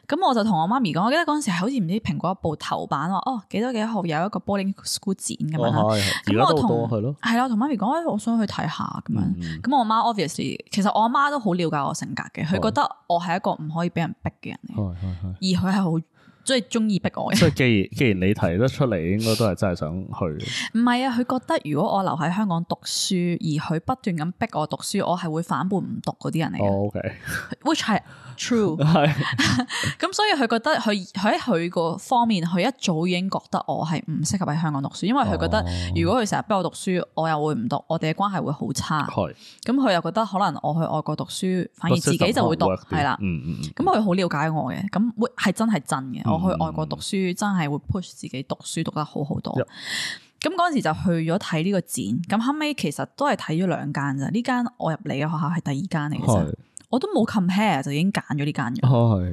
咁我就同我媽咪講，我記得嗰陣時係好似唔知蘋果日報頭版話，哦幾多幾多號有一個 boarding school 展咁樣啦。咁、哦、我同係咯，同媽咪講，我想去睇下咁樣。咁、嗯、我媽 obviously 其實我阿媽都好了解我性格嘅，佢覺得我係一個唔可以俾人逼嘅人嚟，的而佢係好。即最中意逼我嘅。即係既然既然你提得出嚟，應該都係真係想去。唔係啊，佢覺得如果我留喺香港讀書，而佢不斷咁逼我讀書，我係會反叛唔讀嗰啲人嚟嘅。Okay, which 係。Okay. True，係、 嗯。咁所以佢覺得佢喺佢個方面，佢一早已經覺得我係唔適合喺香港讀書，因為佢覺得如果佢成日逼我讀書，我又會唔讀，我哋嘅關係會好差。咁佢、嗯嗯、又覺得可能我去外國讀書，反而自己就會讀，係啦。咁佢好了解我嘅，咁會係真係真嘅。我去外國讀書，真係會 push 自己讀書讀得好好多。咁嗰陣時就去咗睇呢個展，咁後尾其實都係睇咗兩間咋，呢間我入嚟嘅學校係第二間嚟嘅。我都冇 compare 就已經揀咗呢間嘅，咁、哦、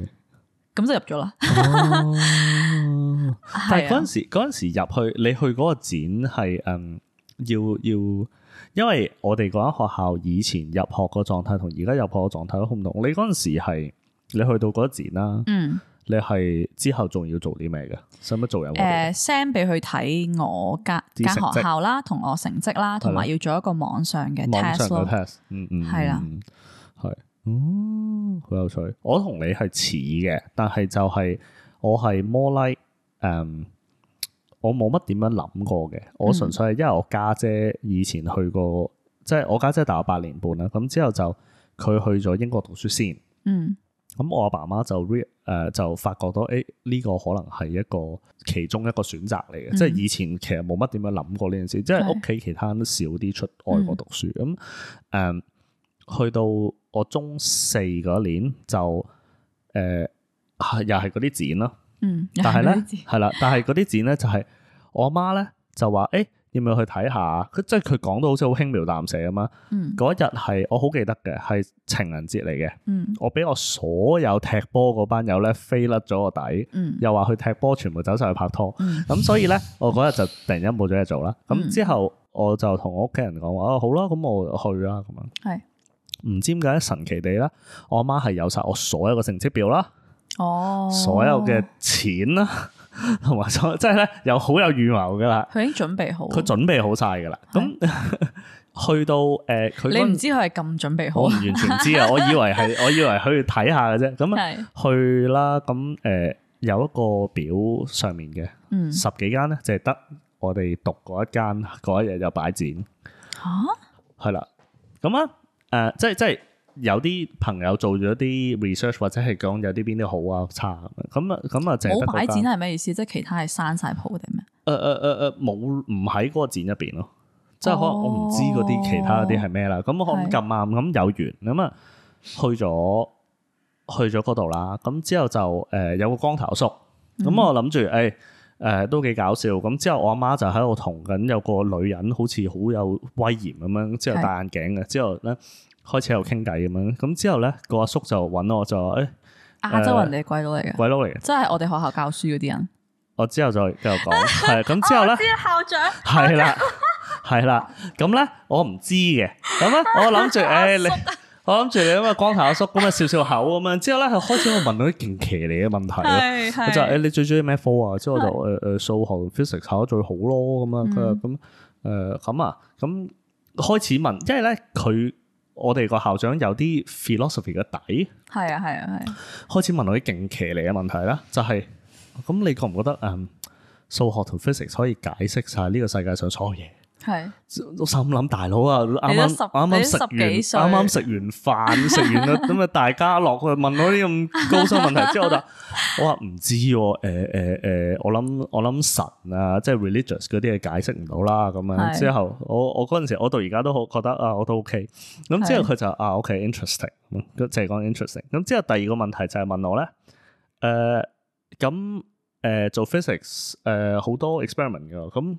就入咗啦。哦 啊、但係嗰陣時陣時入去，你去嗰個展係嗯要要，因為我哋嗰間學校以前入學個狀態同而家入學個狀態都好唔同。你嗰陣時係你去到嗰個展啦，嗯，你係之後仲要做啲咩嘅？使乜做有誒，send 俾佢睇我間學校啦，同我成績啦，同埋的要做一個網上嘅 test, test，嗯嗯，係啦。嗯，好有趣。我同你係似嘅，但係就係我係 more like，誒，um，我冇乜點樣諗過嘅。我純粹係因為我家姐以前去過，即係我家姐大我八年半啦。咁之後就佢去咗英國讀書先。嗯，咁我阿爸媽就 real 誒，uh，就發覺到誒，呢個可能係一個其中一個選擇嚟嘅。即係以前其實冇乜點樣諗過呢件事，即係屋企其他人都少啲出外國讀書咁。誒，去到。我中四嗰年就誒、呃，又係嗰啲展咯。嗯，但係咧係啦，但係嗰啲展咧就係我阿媽咧就話誒，要唔要去睇下？佢即係佢講到好似好輕描淡寫咁啊。嗯，嗰日係我好記得嘅，係情人節嚟嘅。嗯，我俾我所有踢波嗰班友咧飛甩咗我底。嗯，又話去踢波，全部走晒去拍拖。咁，嗯、所以咧，我嗰日就突然間冇咗嘢做啦。咁之後我就同我屋企人講話，啊，好啦，咁我去啦咁樣。係。唔知點解神奇地啦，我阿媽係有晒我所有嘅成績表啦，哦，oh，所有嘅錢啦，同埋即係咧，又好有預謀噶啦，佢已經準備好，佢準備好晒噶啦。咁嗎去到誒，佢，呃那個、你唔知佢係咁準備好，我完全唔知啊，我以為係 我以為，我以為去睇下嘅啫。咁啊，是去啦。咁誒，呃，有一個表上面嘅，嗯，十幾間咧就係，是，得我哋讀嗰一間嗰一日有擺展，吓，嗯？係啦， 咁啊。誒、uh，即係即係有啲朋友做咗啲 research 或者係講有啲邊啲好啊差咁啊咁啊，淨係擺展係咩意思？即係其他係閂晒鋪定咩？誒誒誒誒，冇唔喺嗰個展入邊咯，即係可能我唔知嗰啲其他啲係咩啦。咁我咁啱咁有緣咁啊，去咗的去咗嗰度啦。咁之後就誒、呃、有個光頭叔，咁我諗住誒。欸誒、嗯、都幾搞笑咁之後，我阿媽就喺度同緊有個女人，好似好有威嚴咁樣，之後戴眼鏡嘅，之後咧開始喺度傾偈咁樣，咁之後咧、那個阿叔，叔就揾我就話誒、欸、亞洲人嚟、呃，鬼佬嚟嘅，鬼佬嚟嘅，即係我哋學校教書嗰啲人。我之後就繼續講，係咁 之後咧，我知 我、欸、校長係啦，係啦，咁咧我唔知嘅，咁咧我諗住誒你。我諗住你，因為光頭阿叔咁啊，笑笑口咁啊，之後咧，佢開始我問到啲勁騎呢嘅問題咯。 是就係、是、誒，你最中意咩科啊？之後我就誒誒，數是、呃、學、physics 考得最好咯。咁、嗯呃、啊，佢話咁誒咁啊，咁開始問，因為咧佢我哋個校長有啲 philosophy 嘅底。係啊係啊係。啊開始問我啲勁騎呢嘅問題啦，就係、是、咁，你覺唔覺得誒，數、嗯、學同 physics 可以解釋晒呢個世界上所有嘢？係，我心諗，大佬啊，啱啱啱啱，食完，啱啱食完飯，食完啦，咁啊大家落去問我啲咁高深問題之後就，我話唔知，誒誒誒，我諗我諗神啊，即係 religious 嗰啲嘢解釋唔到啦，咁樣是的 之後，我我嗰陣時我到而家都好覺得啊，我都 OK，咁之後佢就啊 OK，interesting，即係講 interesting，咁之後第二個問題就係問我咧，誒，咁誒做 physics，誒好多 experiment 噶，咁。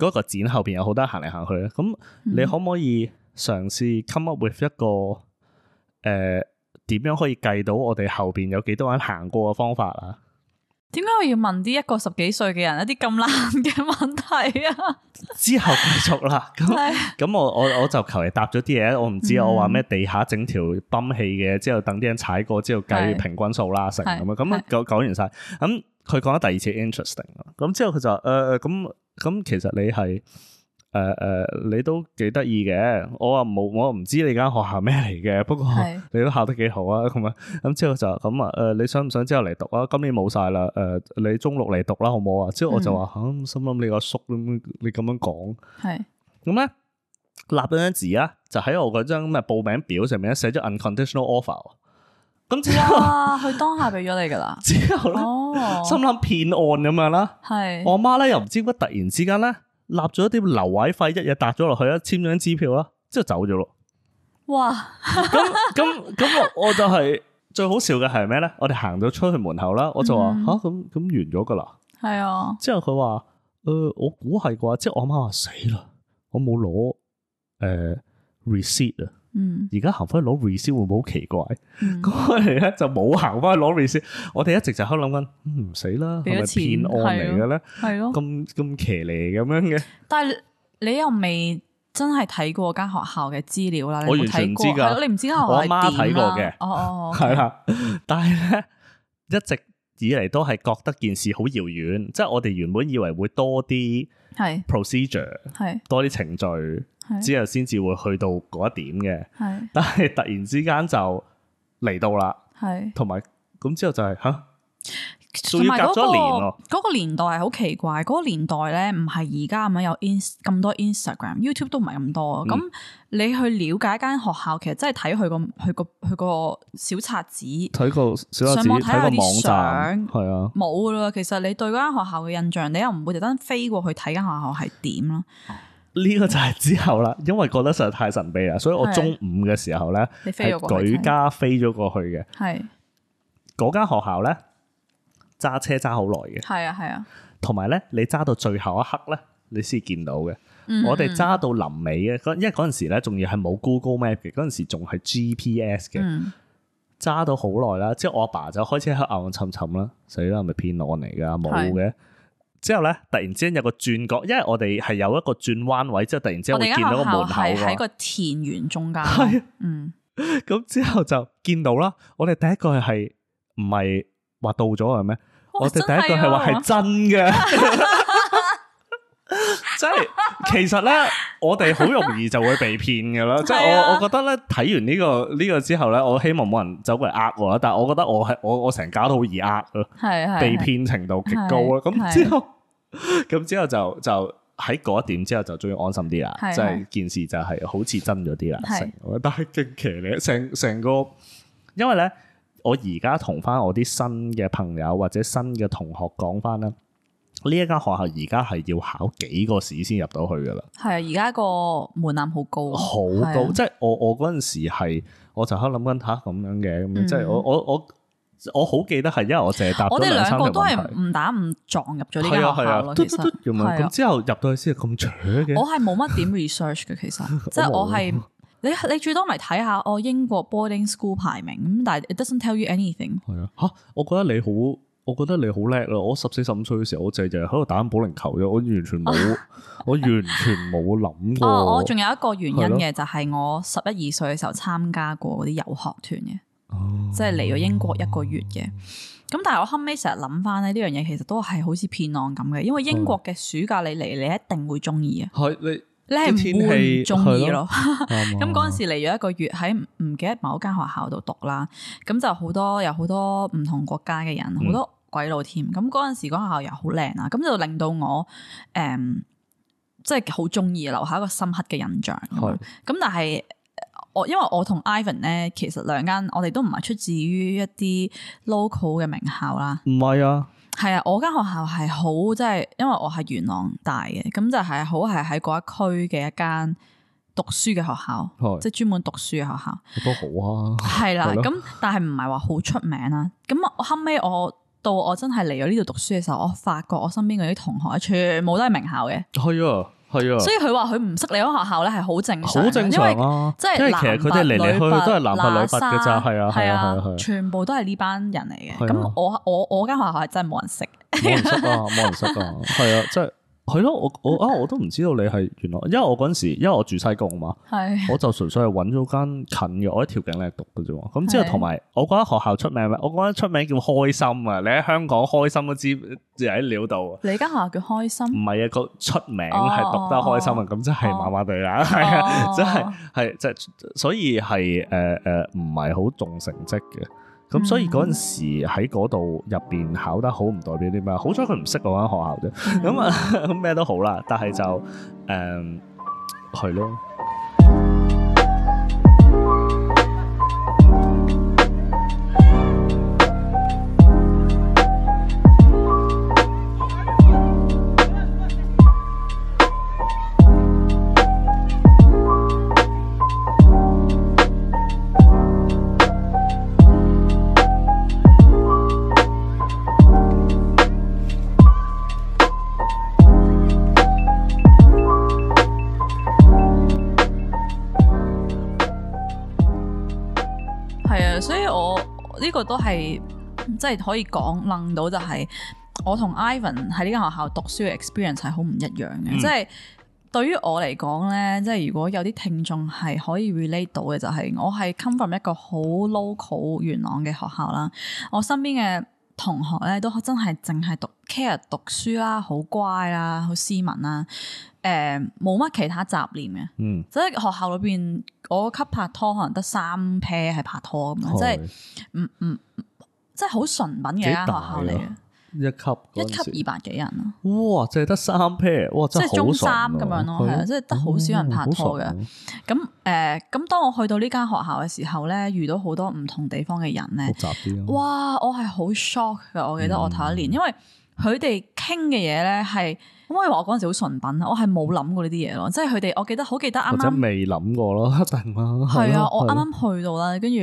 嗰個展後邊有好多人行嚟行去，咁你可唔可以嘗試 come up with 一個誒點、呃、樣可以計到我哋後邊有幾多人行過嘅方法啊？點解我要問啲一個十幾歲嘅人一啲咁難嘅問題啊？之後繼續啦，咁咁 是的 我我我就求其答咗啲嘢，我唔知是的 我話咩地下整條泵氣嘅，之後等啲人踩過之後計平均數啦，成咁啊，講講完晒。咁。佢講咗第二次 interesting，咁之後佢就誒誒，咁咁，其實你係誒誒，你都幾得意嘅。我話冇，我唔知你間學校咩嚟嘅，不過你都考得幾好啊咁啊。咁之後就咁啊，誒、呃、你想唔想之後嚟讀啊？今年冇晒啦，誒、呃、你中六嚟讀啦，好唔好啊？之後我就話嚇、嗯啊，心諗你個叔咁，你咁是樣講，係咁咧，立張紙啊，就喺我嗰張咩報名表上面寫咗 unconditional offer。咁之後，佢當下俾咗你噶啦。之後咧，oh. 心諗騙案咁樣啦。係是我媽咧，又唔知點解突然之間咧，立咗一啲留位費，一嘢搭咗落去啦，簽咗張支，支票啦，之後走咗咯。哇！咁咁咁，我就係、是、最好笑嘅係咩咧？我哋行咗出去門口啦，我就話吓，咁咁完咗噶啦。係啊。啊之後佢話：，誒、呃，我估係啩。即係我媽話：死啦，我冇攞誒 receipt 啊。嗯，而家行翻去攞 resit 會唔會好奇怪？咁、嗯、我哋咧就冇行翻去攞 resit，我哋一直就喺度諗緊唔死啦，係、嗯、咪騙案嚟嘅咧？係咯，咁咁騎呢咁樣嘅。但係你，你又未真係睇過間學校嘅資料啦？我完全知噶、嗯，你唔知間學校係點，我阿媽睇過嘅，哦，係啦，但係咧一直以嚟都係覺得件事好遙遠，即係我哋原本以為會多啲係 procedure，係多啲程序。之後先至會去到嗰一點嘅，是的 但係突然之間就嚟到啦，係是的，同埋咁之後就係、是、吓，仲要隔咗年咯。嗰、那個那個年代係好奇怪，嗰、那個年代咧唔係而家咁樣有 in 咁多 Instagram、YouTube 都唔係咁多。咁、嗯、你去了解一間學校，其實真係睇佢個佢個佢個小冊子，睇個小冊子上網睇下啲相，係啊，冇咯的。其實你對嗰間學校嘅印象，你又唔會特登飛過去睇間學校係點咯。呢個就係之後啦，因為覺得實在太神秘啦，所以我中五嘅時候咧係是舉家飛咗過去嘅。係是，嗰間學校咧揸車揸好耐嘅。係啊係啊，同埋咧你揸到最後一刻咧，你先見到嘅。嗯、哼哼我哋揸到臨尾嘅，因為嗰陣時咧仲要係冇 Google Map 嘅，嗰陣時仲係 GPS 嘅。揸到好耐啦，即係我阿爸就開車喺暗沉沉啦，所以咧係咪騙案嚟噶？冇嘅。之後咧，突然之間有個轉角，因為我哋係有一個轉彎位，之後突然之間我哋見到個門口。我哋學校係喺個田園中間，嗯，咁、啊、之後就見到啦。我哋第一個係唔係話到咗係咩？哦、我哋第一個係話係真嘅。 即係其實咧，我哋好容易就會被騙嘅啦。即係 是、啊、我我覺得咧，睇完呢、呢個呢、呢個之後咧，我希望冇人走過嚟呃我啦。但係我覺得我係我我成家都好易呃咯，係啊，被騙程度極高咯。咁是之後咁之後就就喺嗰一點之後就終於安心啲啦。即係是是 件事就係好似真咗啲啦，係是是。但係近期咧，成成個因為咧，我而家同翻我啲新嘅朋友或者新嘅同學講翻啦。呢一間學校而家係要考幾個試先入到去噶啦？係啊，而家個門檻好高，高，好高的、啊！即係我、嗯、我嗰陣時係我就喺諗緊吓咁樣嘅，咁即係我我我我好記得係因為我淨係搭我哋兩個都係唔打唔撞入咗呢間學校咯。咁之後入到去先係咁扯嘅。我係冇乜點 research 嘅，其實即係我係你你最多咪睇下我英國 boarding school 排名咁，但係 it doesn't tell you anything 的。係 啊，吓！我覺得你好。我覺得你好叻咯！我十四、十五歲嘅時候，我就係就係喺度打緊保齡球嘅，我完全冇， 我完全冇諗過。 哦，我仲有一個原因嘅，的就係我十一二歲嘅時候參加過嗰啲遊學團嘅，嗯、即係嚟咗英國一個月嘅。咁、嗯、但係我後尾成日諗翻咧，呢樣嘢其實都係好似騙案咁嘅，因為英國嘅暑假你嚟，嗯、你一定會中意啊！係你。你係唔係唔中意咯？咁嗰陣時嚟咗一個月喺唔記得某間學校度讀啦，咁就好多有好多唔同國家嘅人，好多鬼佬添。咁嗰陣時嗰學校又好靚啊，咁就令到我誒、嗯、即係好中意，留下一個深刻嘅印象。咁吧但係我因為我同 Ivan 咧，其實兩間我哋都唔係出自於一啲 local 嘅名校啦。唔係啊！係啊，我間學校係好，即係因為我係元朗大嘅，咁就係好係喺嗰一區嘅一間讀書嘅學校，的即係專門讀書嘅學校都好啊。係啦的，咁的但係唔係話好出名啊。咁後尾我到我真係嚟咗呢度讀書嘅時候，我發覺我身邊嗰啲同學全部都係名校嘅。係啊。所以佢話佢唔識你間學校咧，係好正常，好正常咯，即係因為其實佢哋嚟嚟去去都係男拔女拔嘅咋，係啊，係啊，係，全部都係呢班人嚟嘅。咁我我我間學校係真係冇人識，冇人識啊，冇人識啊，係啊，即係。係咯，我我啊我都唔知道你係原來，因為我嗰陣時，因為我住西貢嘛，是我就純粹係揾咗間近嘅，我一條頸嚟讀嘅啫。咁之後同埋是，我覺得學校出名咩？我覺得出名叫開心啊！你喺香港開心都知，又喺料度。你間學校叫開心？唔係啊，個出名係讀得開心啊，咁真係麻麻哋啦，係啊，真係係即係，所以係誒誒唔係好重成績嘅。咁、嗯、所以嗰陣時喺嗰度入邊考得好唔代表啲咩，好彩佢唔識我間學校啫，咁啊咩都好啦，但係就嗯，係咯。誒，所以我呢，這個都係即係可以講，諗到就係我同 Ivan 喺呢間學校讀書嘅 experience 係好唔一樣嘅，嗯。即係對於我嚟講呢，即係如果有啲聽眾係可以 relate 到嘅，就係、是、我係 come from 一個好 local 元朗嘅學校啦。我身邊嘅同學呢，都真係淨係讀 care 讀書啦，好乖啦，好斯文啦。誒，冇乜其他雜念嘅，即係學校裏邊，我級拍拖可能得三 pair 係拍拖咁樣，即係唔唔，即係好純品嘅一間學校嚟嘅，一級一級二百幾人啊，哇，淨係得三 pair，哇，即係中三咁樣咯，係啊，即係得好少人拍拖嘅。咁誒，咁當我去到呢間學校嘅時候咧，遇到好多唔同地方嘅人咧，哇，我係好 shock 嘅，我記得我頭一年，因為佢哋傾嘅嘢咧係。可以話我嗰陣時好純品，我係冇諗過呢啲嘢咯，即係佢哋，我記得好記得啱啱未諗過咯，係啊，了我啱啱去到啦，跟住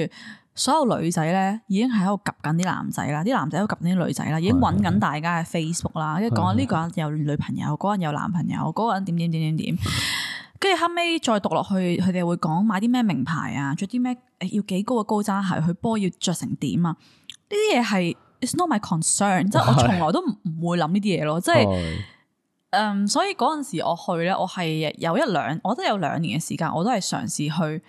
所有女仔咧，已經係喺度夾緊啲男仔啦，啲男仔都夾緊啲女仔啦，對 已經搵緊大家嘅 Facebook 啦，跟住講啊，呢個人有女朋友，嗰個人有男朋友，嗰、嗰個人點點點點點，跟住對 後尾再讀落去，佢哋會講買啲咩名牌啊，着啲咩要幾高嘅高踭鞋，去波要着成點啊？呢啲嘢係 It's not my concern，即係對 我從來都唔會諗呢啲嘢咯，即係。嗯，um, 所以嗰陣時我去咧，我係有一兩，我都有兩年嘅時間，我都係嘗試去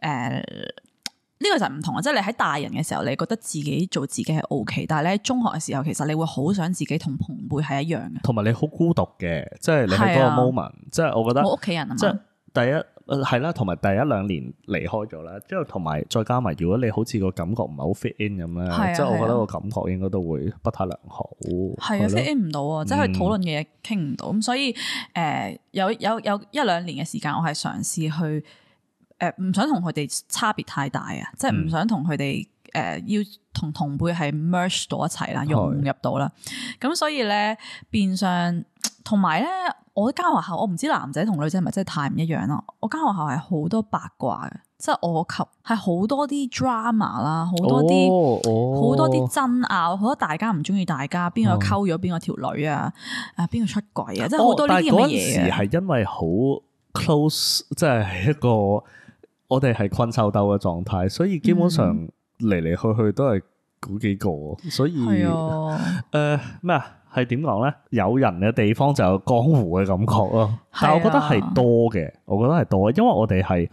誒，呢個就唔同啊！即係你喺大人嘅時候，你覺得自己做自己係 OK 但係咧中學嘅時候，其實你會好想自己同朋輩係一樣嘅，同埋你好孤獨嘅，即係你喺嗰個 moment，即係、啊、我覺得我屋企人即係第一。誒係啦，同埋、嗯、第一兩年離開咗啦，之後同埋再加埋，如果你好似個感覺唔係好 fit in 咁咧的，即係我覺得個感覺應該都會不太良好。係啊的的，fit in 唔到啊，嗯、即係佢討論嘅嘢傾唔到，咁所以誒、呃、有有有一兩年嘅時間，我係嘗試去誒唔、呃、想同佢哋差別太大啊，嗯、即係唔想同佢哋。誒、呃，要同同輩係 merge 到一齊啦，融入到啦。咁是所以咧，變相同埋咧，我間學校我唔知男仔同女仔係咪真係太唔一樣咯。我間學校係好多八卦嘅，即、就、係、是、我級係好多啲 drama 啦，好、哦哦、多啲好多啲爭拗，好多大家唔中意大家，邊個溝咗邊個條女、哦、啊，啊邊個出軌啊，即係好多呢啲嘢。嘅嘢、哦。係因為好 close，即係一個我哋係困獸鬥嘅狀態，所以基本上、嗯。嚟嚟去去都係嗰幾個，所以誒咩是啊、呃？係點講咧？有人嘅地方就有江湖嘅感覺咯。但係我覺得係多嘅，是啊、我覺得係多，因為我哋係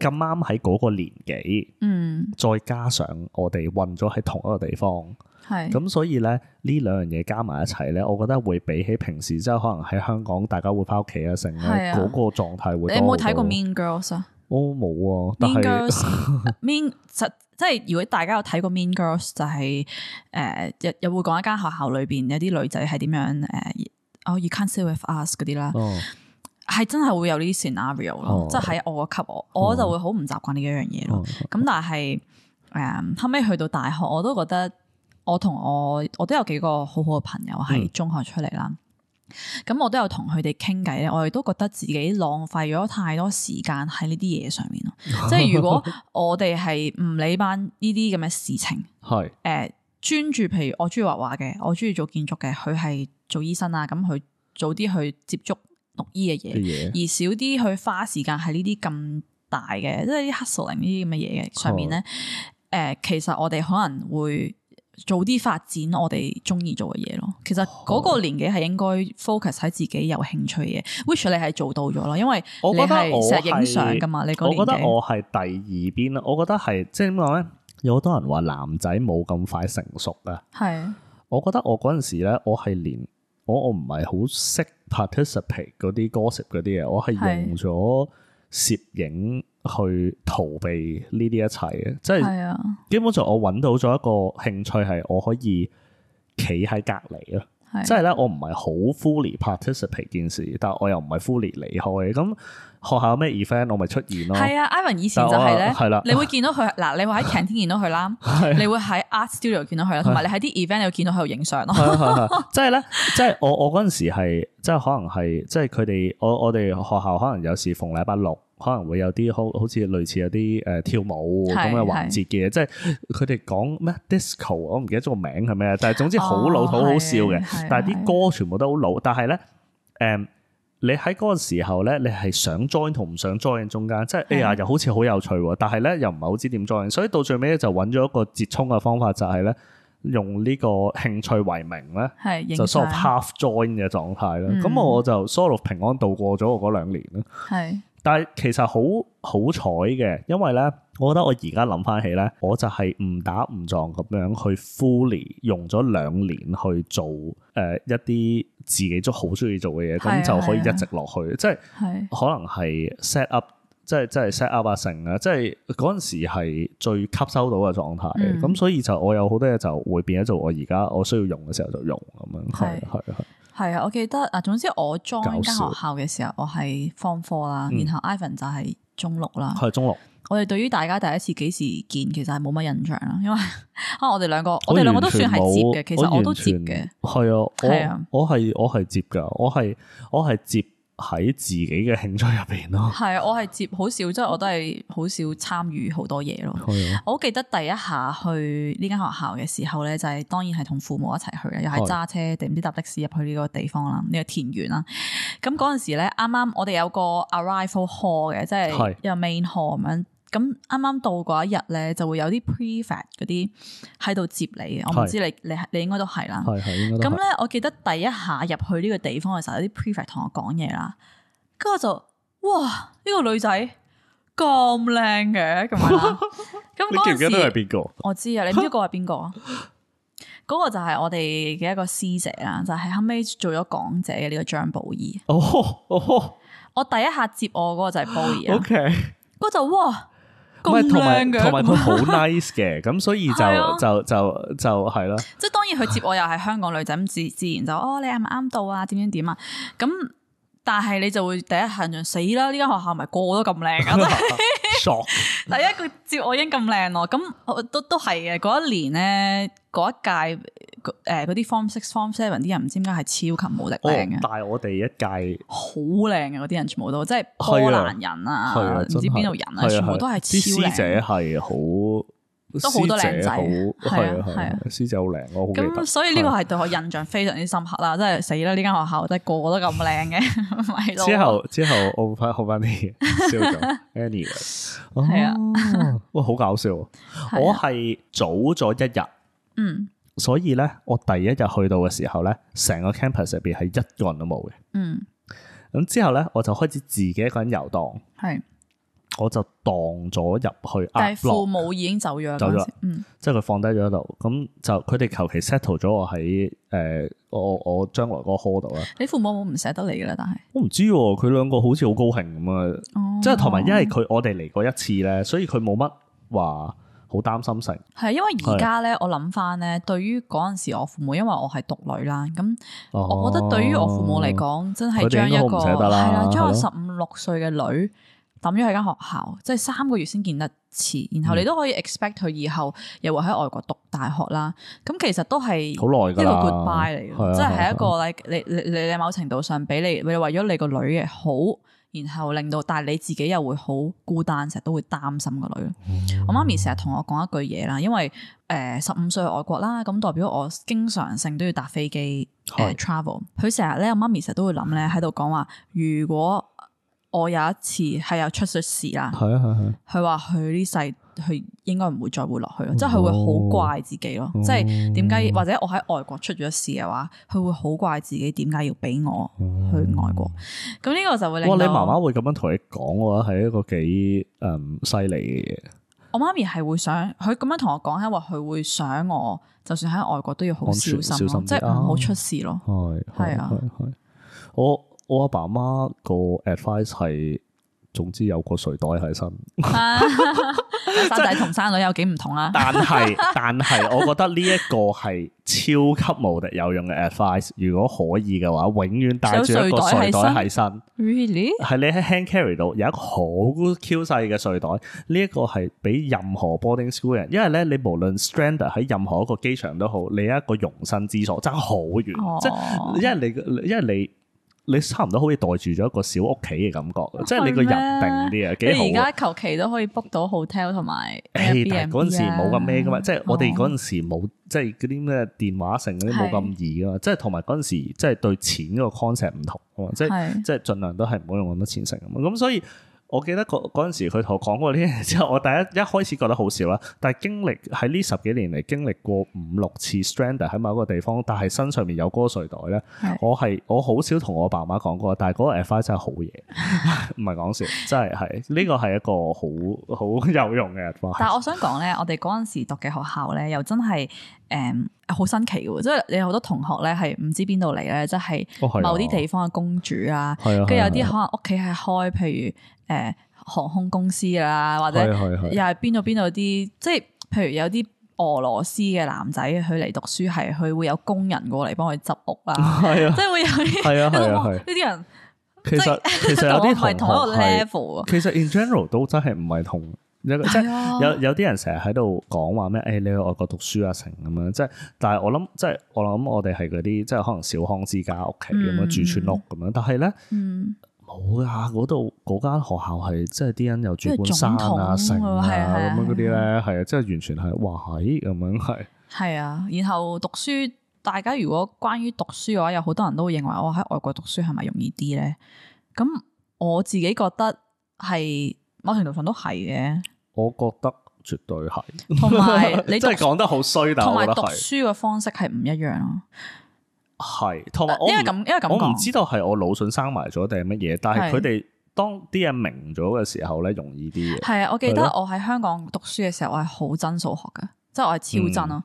咁啱喺嗰個年紀，嗯，再加上我哋混咗喺同一個地方，係咁，所以咧，呢兩樣嘢加埋一齊咧，我覺得會比起平時即係可能喺香港大家會返屋企啊，成嗰是、啊、個狀態會多你。你有冇睇過 Mean Girls 啊？我冇、哦、啊 Mean Girls，Mean 即係如果大家有睇過 Mean Girls 就係誒，又又會講一間學校裏邊有啲女仔係點樣誒、哦、呃、You can't sit with us 嗰啲啦，係、哦、真係會有呢啲 scenario 咯。哦、即係喺我個級我我就會好唔習慣呢一樣嘢咯。咁、哦、但係誒、嗯、後尾去到大學我都覺得我同我我都有幾個好好嘅朋友喺中學出嚟啦。嗯咁我都有同佢哋傾偈咧，我哋都覺得自己浪費咗太多時間喺呢啲嘢上面咯。 即係如果我哋係唔理班呢啲咁嘅事情，係誒專注，譬如我中意畫畫嘅，我中意做建築嘅，佢係做醫生啊，咁佢早啲去接觸讀醫嘅嘢， 而少啲去花時間喺呢啲咁大嘅，即係啲 hustling 呢啲咁嘅嘢嘅上面咧。誒，其實我哋可能會。做啲發展我哋中意做嘅嘢咯。其實嗰個年紀係應該 focus 喺自己有興趣嘅，which、oh。你係做到咗咯，因為你係成影相噶嘛，你嗰個嘢。我覺得我係第二邊啦。我覺得係即係點講咧？有好多人話男仔冇咁快成熟啊。係啊，我覺得我嗰陣時咧，我係連我我唔係好識 participate 嗰啲歌詞嗰啲嘢，我係用咗，攝影去逃避呢啲一切嘅，即係基本上我揾到咗一個興趣係我可以企喺隔離咯。即係咧，我唔係好 fully participate 件事，但係我又唔係 fully 離開。咁學校咩 event 我咪出現咯。係啊，Ivan 以前就係、是、咧，係啦。啊、你會見到佢，嗱，你會喺 canteen 見到佢啦，你會喺、啊、art studio 見到佢啦，同埋、啊、你喺啲 event 又見到佢影相咯。即係咧，即係、啊啊啊啊就是、我我嗰陣時係，即、就、係、是、可能係，即係佢哋我我哋學校可能有時逢禮拜六。可能會有啲好好似類似有啲誒跳舞咁嘅環節嘅，是是即係佢哋講咩 Disco，我唔記得咗個名係咩，但係總之好老好、哦、好笑嘅。但係啲歌全部都好老，但係咧誒，你喺嗰個時候咧，你係想 join 同唔想 join 中間，即係是的 哎呀，又好似好有趣，但係咧又唔係好知點 join，所以到最尾就揾咗一個折衷嘅方法，就係、是、咧用呢個興趣為名咧，的就 sort of half join 嘅狀態啦。咁、嗯、我就 sort of 平安度過咗我嗰兩年啦。係。但係其實好好彩嘅，因為咧，我覺得我而家諗翻起咧，我就係誤打誤撞咁樣去 fully 用咗兩年去做誒、呃、一啲自己都好中意做嘅嘢，咁對呀 就可以一直落去，即係可能係 set up，即係即係 set up 啊成啊，即係嗰陣時係最吸收到嘅狀態，咁、嗯、所以就我有好多嘢就會變咗做我而家我需要用嘅時候就用咁樣，係係係。係啊，我記得啊，總之我 join 一間學校嘅時候， 我係 form four 啦，然後 Ivan 就係中六啦，係中六。中六我哋對於大家第一次幾時見，其實係冇乜印象啦，因為可、 啊、我哋兩個，我哋兩個都算係接嘅，其實我都接嘅，係啊，係啊，我係我係接噶，我係我係接。喺自己嘅興趣入邊咯，係啊， 我係接好少，即係我都係好少參與好多嘢咯。 我好記得第一下去呢間學校嘅時候咧，就係、係、當然係同父母一齊去嘅，又係揸車定唔知搭的士入去呢個地方啦，呢、呢個田園啦。咁嗰陣時咧，啱啱我哋有個 arrival hall 嘅，即係有 main hall 咁樣。咁啱啱到嗰一日咧，就會有啲 prefect 嗰啲喺度接你，我唔知你是你你應該都係啦。係係，咁咧，我記得第一下入去呢個地方嘅時候，有啲 prefect 同我講嘢啦。跟住就哇，呢、這個女仔咁靚嘅咁樣。咁嗰 時係邊個？我知啊，你知唔知個係邊個啊？嗰 個就係我哋嘅一個師姐啦，就係、是、後尾做咗港姐嘅呢個張寶儀。哦、oh, oh. 我第一下接我嗰個就係寶儀。O K，嗰就哇。同埋佢好 nice 嘅，咁 所以就 就就就係咯。就是、即係當然佢接我又係香港女仔，咁自 自然就哦，你啱唔啱到啊？點點點啊？咁。但係你就會第一印就死啦！呢間學校咪個個都咁靚啊，傻 薈！ 第一個接我已經咁靚咯，咁都都係嘅。嗰一年咧，嗰一屆誒嗰啲 form six form seven 啲人唔知點解係超級無敵靚嘅。但係我哋一屆好靚嘅嗰啲人全部都即係波蘭人啊，唔知邊度人啊，全部都係超靚。啲師姐係好。都好多靚仔，係啊係啊，師姐好靚，我好記得。所以呢個係對我印象非常之深刻啦，真係死啦！呢間學校真係個個都咁靚嘅，之後之後我翻學翻啲師姐 Anyway 係啊，哇好搞笑！我係早咗一日，嗯，所以咧我第一日去到嘅時候咧，成個 campus 入邊係一個人都冇嘅。嗯，咁之後咧我就開始自己一個人遊蕩，係。我就蕩咗入去阿、啊、但係父母已經走咗啦，嗯、即係佢放低咗喺度，咁就佢哋求其 settle 咗我喺誒、呃，我我將來個 hall 度啦。你父母冇唔捨得你啦，但係我唔知，佢兩個好似好高興咁啊！哦、即係同埋，因為佢是的 我哋嚟過一次咧，所以佢冇乜話好擔心成。係因為而家咧，我諗翻咧，對於嗰陣時我父母，因為我係獨女啦，咁、哦、我覺得對於我父母嚟講，真係將的一個係啦，將個十五六歲嘅女。抌咗喺間學校，即係三個月先見得一次，然後你都可以 expect 佢以後又會喺外國讀大學啦。咁其實都係好耐嘅 goodbye 嚟，嘅，即係係一個 like 你你你，你，你某程度上俾你，你為咗你個女嘅好，然後令到但係你自己又會好孤單，成日都會擔心個女。我媽咪成日同我講一句嘢啦，因為誒十五歲去外國啦，咁代表我經常性都要搭飛機、呃、travel 是。佢成日咧，我媽咪成日都會諗咧喺度講話，如果。我有一次係有出咗事啦，佢話佢呢世佢應該唔會再活落去咯，哦、即係佢會好怪自己咯，即係點解或者我喺外國出咗事嘅話，佢會好怪自己點解要俾我去外國？咁呢、哦、個就會令、哦、你媽媽會咁樣同你講嘅話係一個幾誒犀利嘅嘢。我媽咪係會想佢咁樣同我講，因為佢會想我，就算喺外國都要好小心咯，心即係唔好出事咯。係係係我。我阿爸媽個 advice 係，總之有個睡袋喺身。生 仔同生女有幾唔同啦、啊？ 但係但係，我覺得呢一個係超級無敵有用嘅 advice。如果可以嘅話，永遠帶住一個睡袋喺身。 身 really？係你喺 hand carry 到有一個好 Q 細嘅睡袋。呢、這、一個係俾任何 boarding school 人，因為咧你無論 stranded、er, 喺任何一個機場都好，你有一個容身之所遠，爭好遠。即係因為你，因為你。你差唔多好似待住咗一個小屋企嘅感覺，嗎即係你個人定啲啊，幾好。而家求其都可以 book 到 hotel 同埋。誒，但係嗰陣時冇咁咩噶嘛，嗯、即係我哋嗰陣時冇，即係嗰啲咩電話城嗰啲冇咁易噶嘛，即係同埋嗰陣時即係對錢嗰個 concept 唔同啊嘛，即係即係盡量都係唔好用咁多錢食咁啊，咁所以。我記得嗰嗰陣時，佢同我講過呢樣嘢之後，我第一一開始覺得好笑啦。但係經歷喺呢十幾年嚟，經歷過五六次 stranded 喺某一個地方，但係身上面有個睡袋咧是，我係我好少同我爸媽講過。但係嗰個 advice 真係好嘢，唔係講笑，真係係呢個係一個好好有用嘅 advice。但係我想講咧，我哋嗰陣時讀嘅學校咧，又真係。誒，好、um, 新奇嘅，即係你有好多同學咧，係唔知邊度嚟咧，即係某啲地方嘅公主、哦、啊，跟住有啲可能屋企係開，譬如誒、嗯、航空公司啊，或者又係邊度邊度啲，即係譬如有啲俄羅斯嘅男仔佢嚟讀書，係佢會有工人過嚟幫佢執屋啦，即係、哦啊、會有啲係啊係啊，呢啲、啊啊啊啊、人其實即其實唔係同一個 level 啊，其實、其實 in general 都真係唔係同。有即係有有啲人成日喺度講話咩？誒，你去外國讀書啊，成咁樣即係，但係我諗即係我諗，我哋係嗰啲即係可能小康之家屋企咁樣住村屋咁樣，但係咧冇啊！嗰度嗰間學校係即係啲人又住半山啊，城啊咁樣嗰啲咧，係啊，即係完全係哇係咁樣係。係啊，然後讀書，大家如果關於讀書嘅話，有好多人都會認為我喺外國讀書係咪容易啲咧？咁我自己覺得係某程度上都係嘅。我覺得絕對係，同埋你 真係講得好衰，但係同埋讀書嘅方式係唔一樣咯。係，同埋因為咁，因為咁，我唔知道係我腦筍生埋咗定係乜嘢，但係佢哋當啲嘢明咗嘅時候咧，容易啲嘅。係啊，我記得我喺香港讀書嘅時候，我係好憎數學嘅，即係我係超憎咯。誒、嗯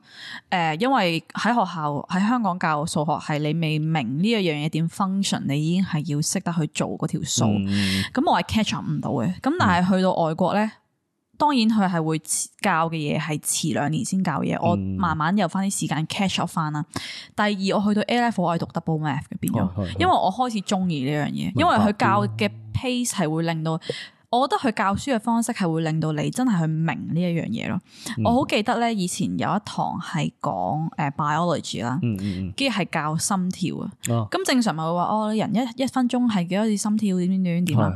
呃，因為喺學校喺香港教數學係，你未明呢一樣嘢點 function，你已經係要識得去做嗰條數。咁、嗯、我係 catch up 唔到嘅，咁但係去到外國咧。嗯當然佢係會教嘅嘢係遲兩年先教嘢，我慢慢有翻啲時間 catch up 翻啦。第二我去到 A Level 課，我係讀 double math 嘅變咗，因為我開始中意呢樣嘢，因為佢教嘅 pace 係會令到，我覺得佢教書嘅方式係會令到你真係去明呢一樣嘢咯。我好記得咧，以前有一堂係講誒 biology 啦，跟住係教心跳啊。咁正常咪會話哦，人一一分鐘係幾多次心跳點點點點啦。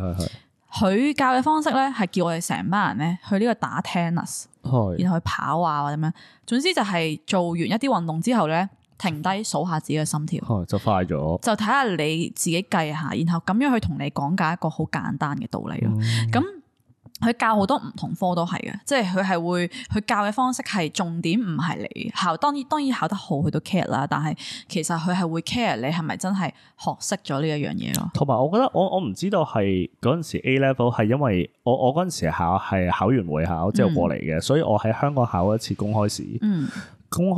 佢教嘅方式咧，係叫我哋成班人咧去呢個打 tennis，是然後去跑啊或者咩，總之就係做完一啲運動之後咧，停低數下自己嘅心跳，就快咗，就睇下你自己計下，然後咁樣去同你講解一個好簡單嘅道理咯，咁、嗯。佢教好多唔同科都係嘅，即係佢係會佢教嘅方式係重點唔係你考，當然當然考得好佢都 care 啦。但係其實佢係會 care 你係咪真係學識咗呢一樣嘢咯。同埋我覺得我我唔知道係嗰陣時 A level 係因為我我嗰陣時考係考完會考之後過嚟嘅，嗯、所以我喺香港考一次公開試。嗯，公開，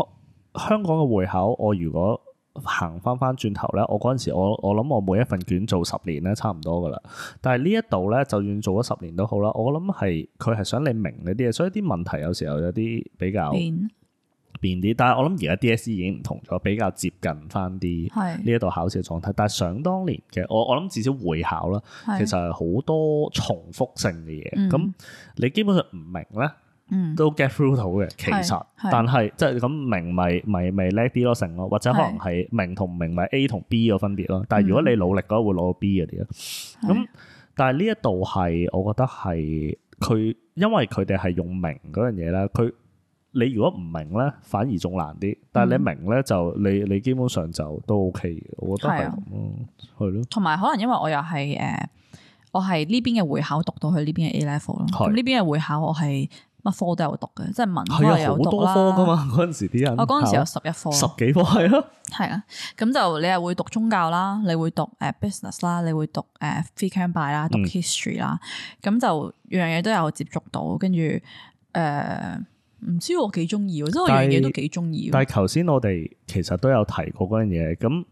公香港嘅會考我如果。行翻翻轉頭咧，我嗰陣時我我諗我每一份卷做十年咧，差唔多噶啦。但係呢一度咧，就算做咗十年都好啦，我諗係佢係想你明呢啲嘢，所以啲問題有時候有啲比較變啲。但係我諗而家 DSE 已經唔同咗，比較接近翻啲呢一度考試嘅狀態。但係想當年嘅我，我諗至少會考啦，其實係好多重複性嘅嘢。咁、嗯、你基本上唔明咧。嗯，都 get through 到嘅，其實，但係即係咁明咪咪咪叻啲咯成咯，或者可能係明同唔明咪 A 同 B 嘅分別咯。是但係如果你努力嘅話，會攞到 B 嗰啲咯。咁是、嗯、但係呢一度係，我覺得係佢，因為佢哋係用明嗰樣嘢咧。佢你如果唔明咧，反而仲難啲。但係你明咧，就你你基本上就都 OK 嘅。我覺得係係咯。同埋可能因為我又係誒，我係呢邊嘅會考讀到去呢邊嘅 A level 咯。咁呢邊嘅會考我係。乜科都有讀嘅，即係文科有讀啦。係的啊，好多科噶嘛，嗰陣的時啲人。我嗰陣時有十一科。十幾科係咯。係啊，咁就你係會讀宗教啦，你會讀誒、uh, business 啦，你會讀誒、uh, free camp by 啦，讀 history 啦，咁、嗯、就樣嘢都有接觸到，跟住誒唔知我幾中意，但即係我樣嘢都幾中意。但係頭先我哋其實都有提過嗰樣嘢，咁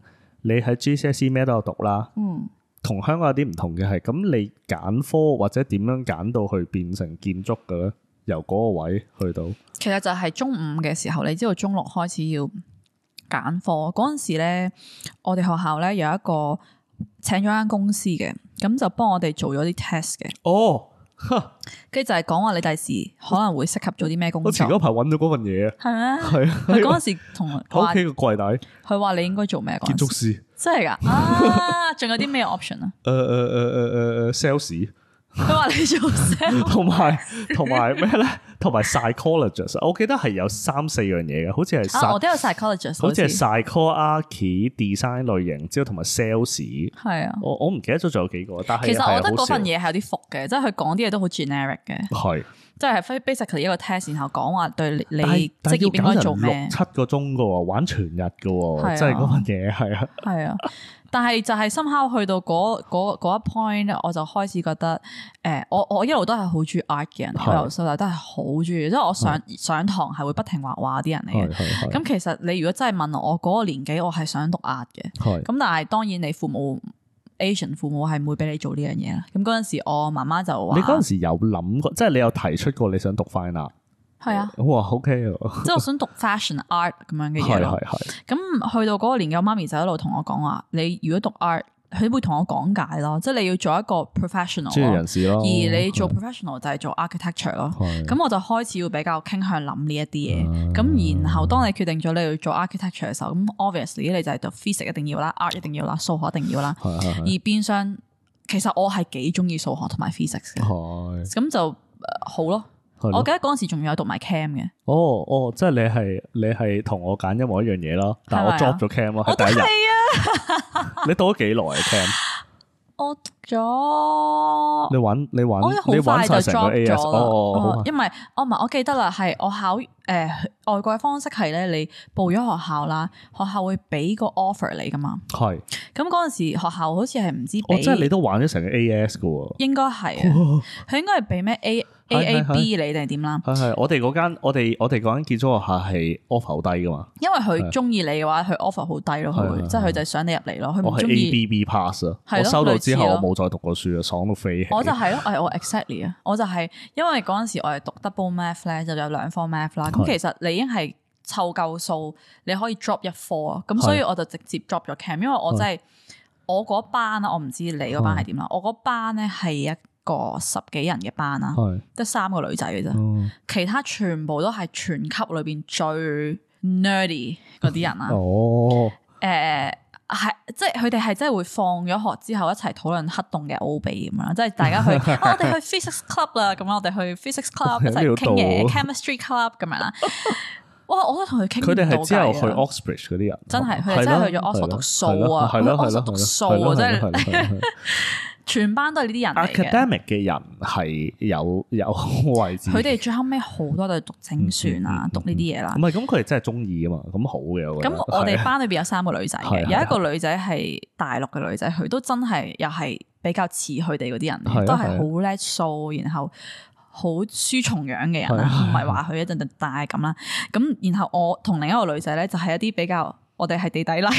你喺 GCSE 咩都有讀啦。嗯。同香港有啲唔同嘅係，咁你揀科或者點樣揀到去變成建築嘅咧？由嗰個位去到，其實就係中五嘅時候，你知道中六開始要揀科，嗰陣時咧，我哋學校咧有一個請咗間公司嘅，咁就幫我哋做咗啲 test 嘅。哦，跟住就係講話你第時可能會適合做啲咩工作？我前嗰排揾到嗰份嘢，係咩？係啊，嗰陣時同我喺屋企個櫃底，佢話你應該做咩？建築師，真係噶？啊，仲 有啲咩 option 啊？誒誒誒誒誒，sales。呃呃呃呃佢話你做 sales，同埋同埋咩咧？同埋 psychologist，我記得係有三四樣嘢嘅，好似係我都有 psychologist，好似 psychology design 類型，之後同埋 sales，係啊，我我唔記得咗仲有幾個，但係其實我覺得嗰份嘢係有啲浮嘅，即係佢講啲嘢都好 generic 嘅，係，即係非 basically 一個 test，然後講話對你職業應該做咩，六七個鐘噶喎，玩全日噶喎，即係嗰份嘢係啊，係啊。但係就係深刻去到嗰嗰嗰一 point 咧，我就開始覺得，誒、欸，我我一路都係好中意畫嘅人，的我由細到大都係好中意，即係的我上上堂係會不停畫畫啲人嚟嘅。咁的其實你如果真係問我嗰個年紀，我係想讀畫嘅。咁的但係當然你父母 Asian 父母係唔會俾你做呢樣嘢啦。咁嗰陣時我媽媽就話，你嗰陣時有諗過，即係你有提出過你想讀 fine art？係啊、嗯，哇，OK， 即係我想讀 fashion art 咁樣嘅嘢，係係係。咁去到嗰個年嘅，我媽咪就一路同我講話，你如果讀 art，佢會同我講解咯。即係你要做一個 professional 人士咯。而你做 professional 就係做 architecture 咯的。咁我就開始要比較傾向諗呢一啲嘢。咁的然後當你決定咗你要做 architecture 嘅時候，咁 obviously 你就係讀 physics 一定要啦，art 一定要啦，數學一定要啦。的而變相其實我係幾中意數學同埋 physics 嘅，咁就好咯。我記得嗰陣時仲有讀埋 cam 嘅。哦哦，即係你係你係同我揀一模一樣嘢咯。的但係我 drop 咗 cam 咯，係、啊、第一日。我都係 啊！你讀咗幾耐 cam？我。咗，你玩你玩，你玩晒成個 A S 咯，因為我唔係我記得啦，係我考誒外國方式係咧，你報咗學校啦，學校會俾個 offer 你噶嘛，係，咁嗰陣時學校好似係唔知，我即係你都玩咗成個 A S 噶，應該係啊，佢應該係俾咩 A A A B 你定係點啦，係我哋嗰間我哋我哋嗰間建築學校係 offer 好低噶嘛，因為佢中意你嘅話，佢 offer 好低咯，佢即係佢就係想你入嚟咯，佢唔中意 A B B pass 啊，我收到之後冇。再讀過書啊，爽到飛！我就係咯，係我 exactly 啊，我就係因為嗰陣時我係讀 double math 咧，就有兩科 math 啦。咁其實你已經係湊夠數，你可以 drop 一科啊。咁所以我就直接 drop 咗 cam，因為我真係我嗰班啊，我唔知你嗰班係點啦。我嗰班咧係一個十幾人嘅班啊，得三個女仔嘅啫，其他全部都係全級裏邊最 nerdy 嗰啲人啊。哦，誒。係，即係佢哋係真係會放咗學之後一齊討論黑洞嘅奧秘咁樣，即係大家去，我哋去 physics club 啦，咁我哋去 physics club 一齊傾嘢，chemistry club 咁樣啦。哇，我都同佢傾。佢哋係之後去 Oxford 嗰啲人，真係佢哋真係去咗 Oxford 讀數啊，去 Oxford 讀數啊，真係。全班都係呢啲人嚟嘅。academic 嘅人係有有位置。佢哋最後尾好多都係讀精算啊，嗯嗯嗯、讀呢啲嘢啦。唔係，咁佢哋真係中意啊嘛，咁好嘅。咁我哋班裏邊有三個女仔嘅， 有一個女仔係大陸嘅女仔，佢 都真係又係比較似佢哋嗰啲人， 都係好叻數， 然後好書蟲樣嘅人啦，唔係話佢一陣就戴咁啦。咁 然後我同另一個女仔咧，就係一啲比較。我哋係地底嚟，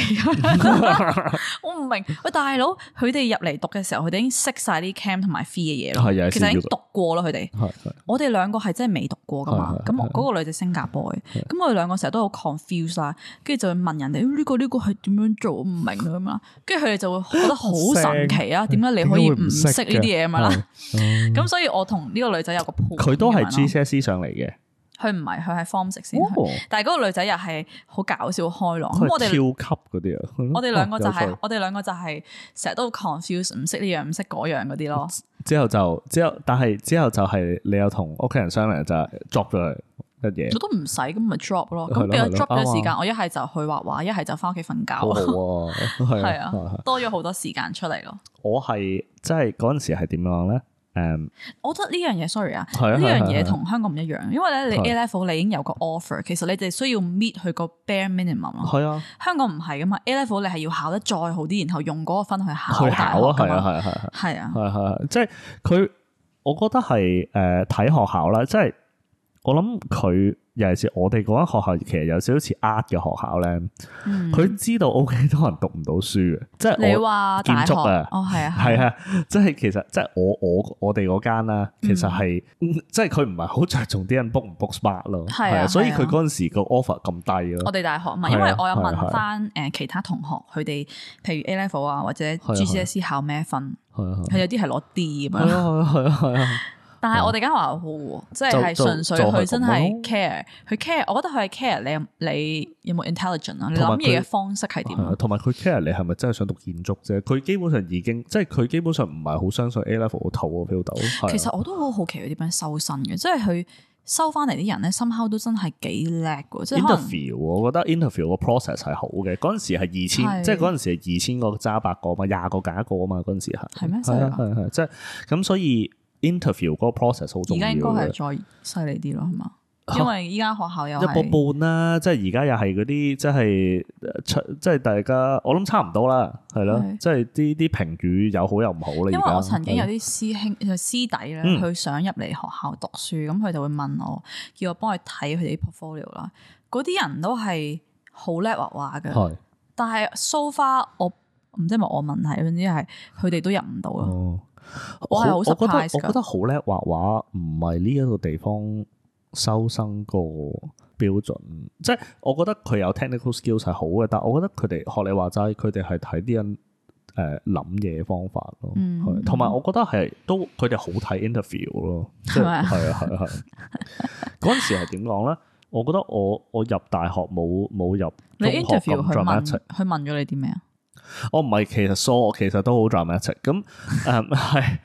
我唔明喂，大佬，佢哋入嚟讀嘅時候，佢哋已經識晒啲 cam 同埋 fee 嘅嘢咯，其實已經讀過啦。佢 哋樂，我哋兩個係真係未讀過噶嘛。咁嗰個女仔新加坡嘅，咁我哋兩個成日都好 confuse 啦，跟住就問人哋呢個呢個係點樣做唔明啊嘛。跟住佢哋就會覺得好神奇啊，點 解你可以唔識呢啲嘢啊嘛？咁、 嗯、所以我同呢個女仔有個，佢都係 GCSE 上嚟嘅。佢唔係，佢係 form 食先，但係嗰個女仔又係好搞笑、開朗。咁我哋跳級嗰啲啊！我哋兩個就係，我哋兩個就係成日都 confused，唔識呢樣、唔識嗰樣嗰啲咯。之後就之後，但係之後就係你有同屋企人商量，就 drop 咗嘅嘢。我都唔使，咁咪 drop 咯。咁變咗 drop 咗時間，我一係就去畫畫，一係就翻屋企瞓覺。好啊，係啊，多咗好多時間出嚟咯。我係即係嗰陣時係點樣咧？誒，um、我覺得呢樣嘢，sorry 啊，呢樣嘢同香港唔一樣，因為咧你 A level 你已經有個 offer，其實你哋需要 meet 佢個 bare minimum 係啊，香港唔係噶嘛，A level 你係要考得再好啲，然後用嗰個分去考。去考啊，係啊係啊係啊係啊係係，即係佢，我覺得係誒睇學校啦，即係。我諗佢尤其係我哋嗰間學校，其實有少少似厄嘅學校咧。佢知道 O K 多人讀唔到書嘅，即係你話大學啊，哦係啊，係啊，即係其實即係我我我哋嗰間啦，其實係即係佢唔係好着重啲人 book 唔 book spark 咯，係啊，所以佢嗰陣時個 offer 咁低咯。我哋大學嘛，因為我有問翻誒其他同學，佢哋譬如 A level 啊或者 G C S E 考咩分？係啊係啊，係有啲係攞 D 咁樣，係啊係啊係啊。但係我哋而家話好，嗯、即係純粹佢真係 care，佢 care，我覺得佢係 care 你你有冇 intelligence 啊？你諗嘢嘅方式係點？同埋佢 care 你係咪真係想讀建築啫？佢基本上已經，即係佢基本上唔係好相信 A level 個頭啊，佢其實我都好好奇佢點樣收身嘅，即係佢收翻嚟啲人咧，心敲都真係幾叻嘅。即 interview，我覺得 interview 是個 process 係好嘅。嗰陣時係二千，即係嗰陣時係二千個揸百個嘛，廿個揀一個啊嘛。嗰陣時係係咩？係係即係咁，所以。Interview 嗰個 process 好重要，而家應該係再犀利啲咯，係嘛？因為依家學校有、啊、一半半、啊、啦，即係而家又係嗰啲即係出，即係大家我諗差唔多啦，係咯，的即係啲啲評語有好有唔好啦。因為我曾經有啲師兄、師弟咧，佢的想入嚟學校讀書，咁佢、嗯、就會問我，叫我幫佢睇佢哋啲 portfolio 啦。嗰啲人都係好叻畫畫嘅，的但係 so far 我唔知係咪我問題，總之係佢哋都入唔到咯。嗯我係我覺得我覺得好叻畫畫唔係呢一個地方收生個標準，即係我覺得佢有 technical skills 係好嘅，但係我覺得佢哋學你話齋，佢哋係睇啲人誒諗嘢方法咯，同埋、嗯、我覺得係都佢哋好睇 interview 咯、嗯，係啊，係啊，係啊，嗰陣時係點講咧？我覺得我我入大學冇冇入 interview 去樣問去問咗你啲咩啊？我唔係，其實疏，我其實都好 dramatic。咁、 嗯，誒係，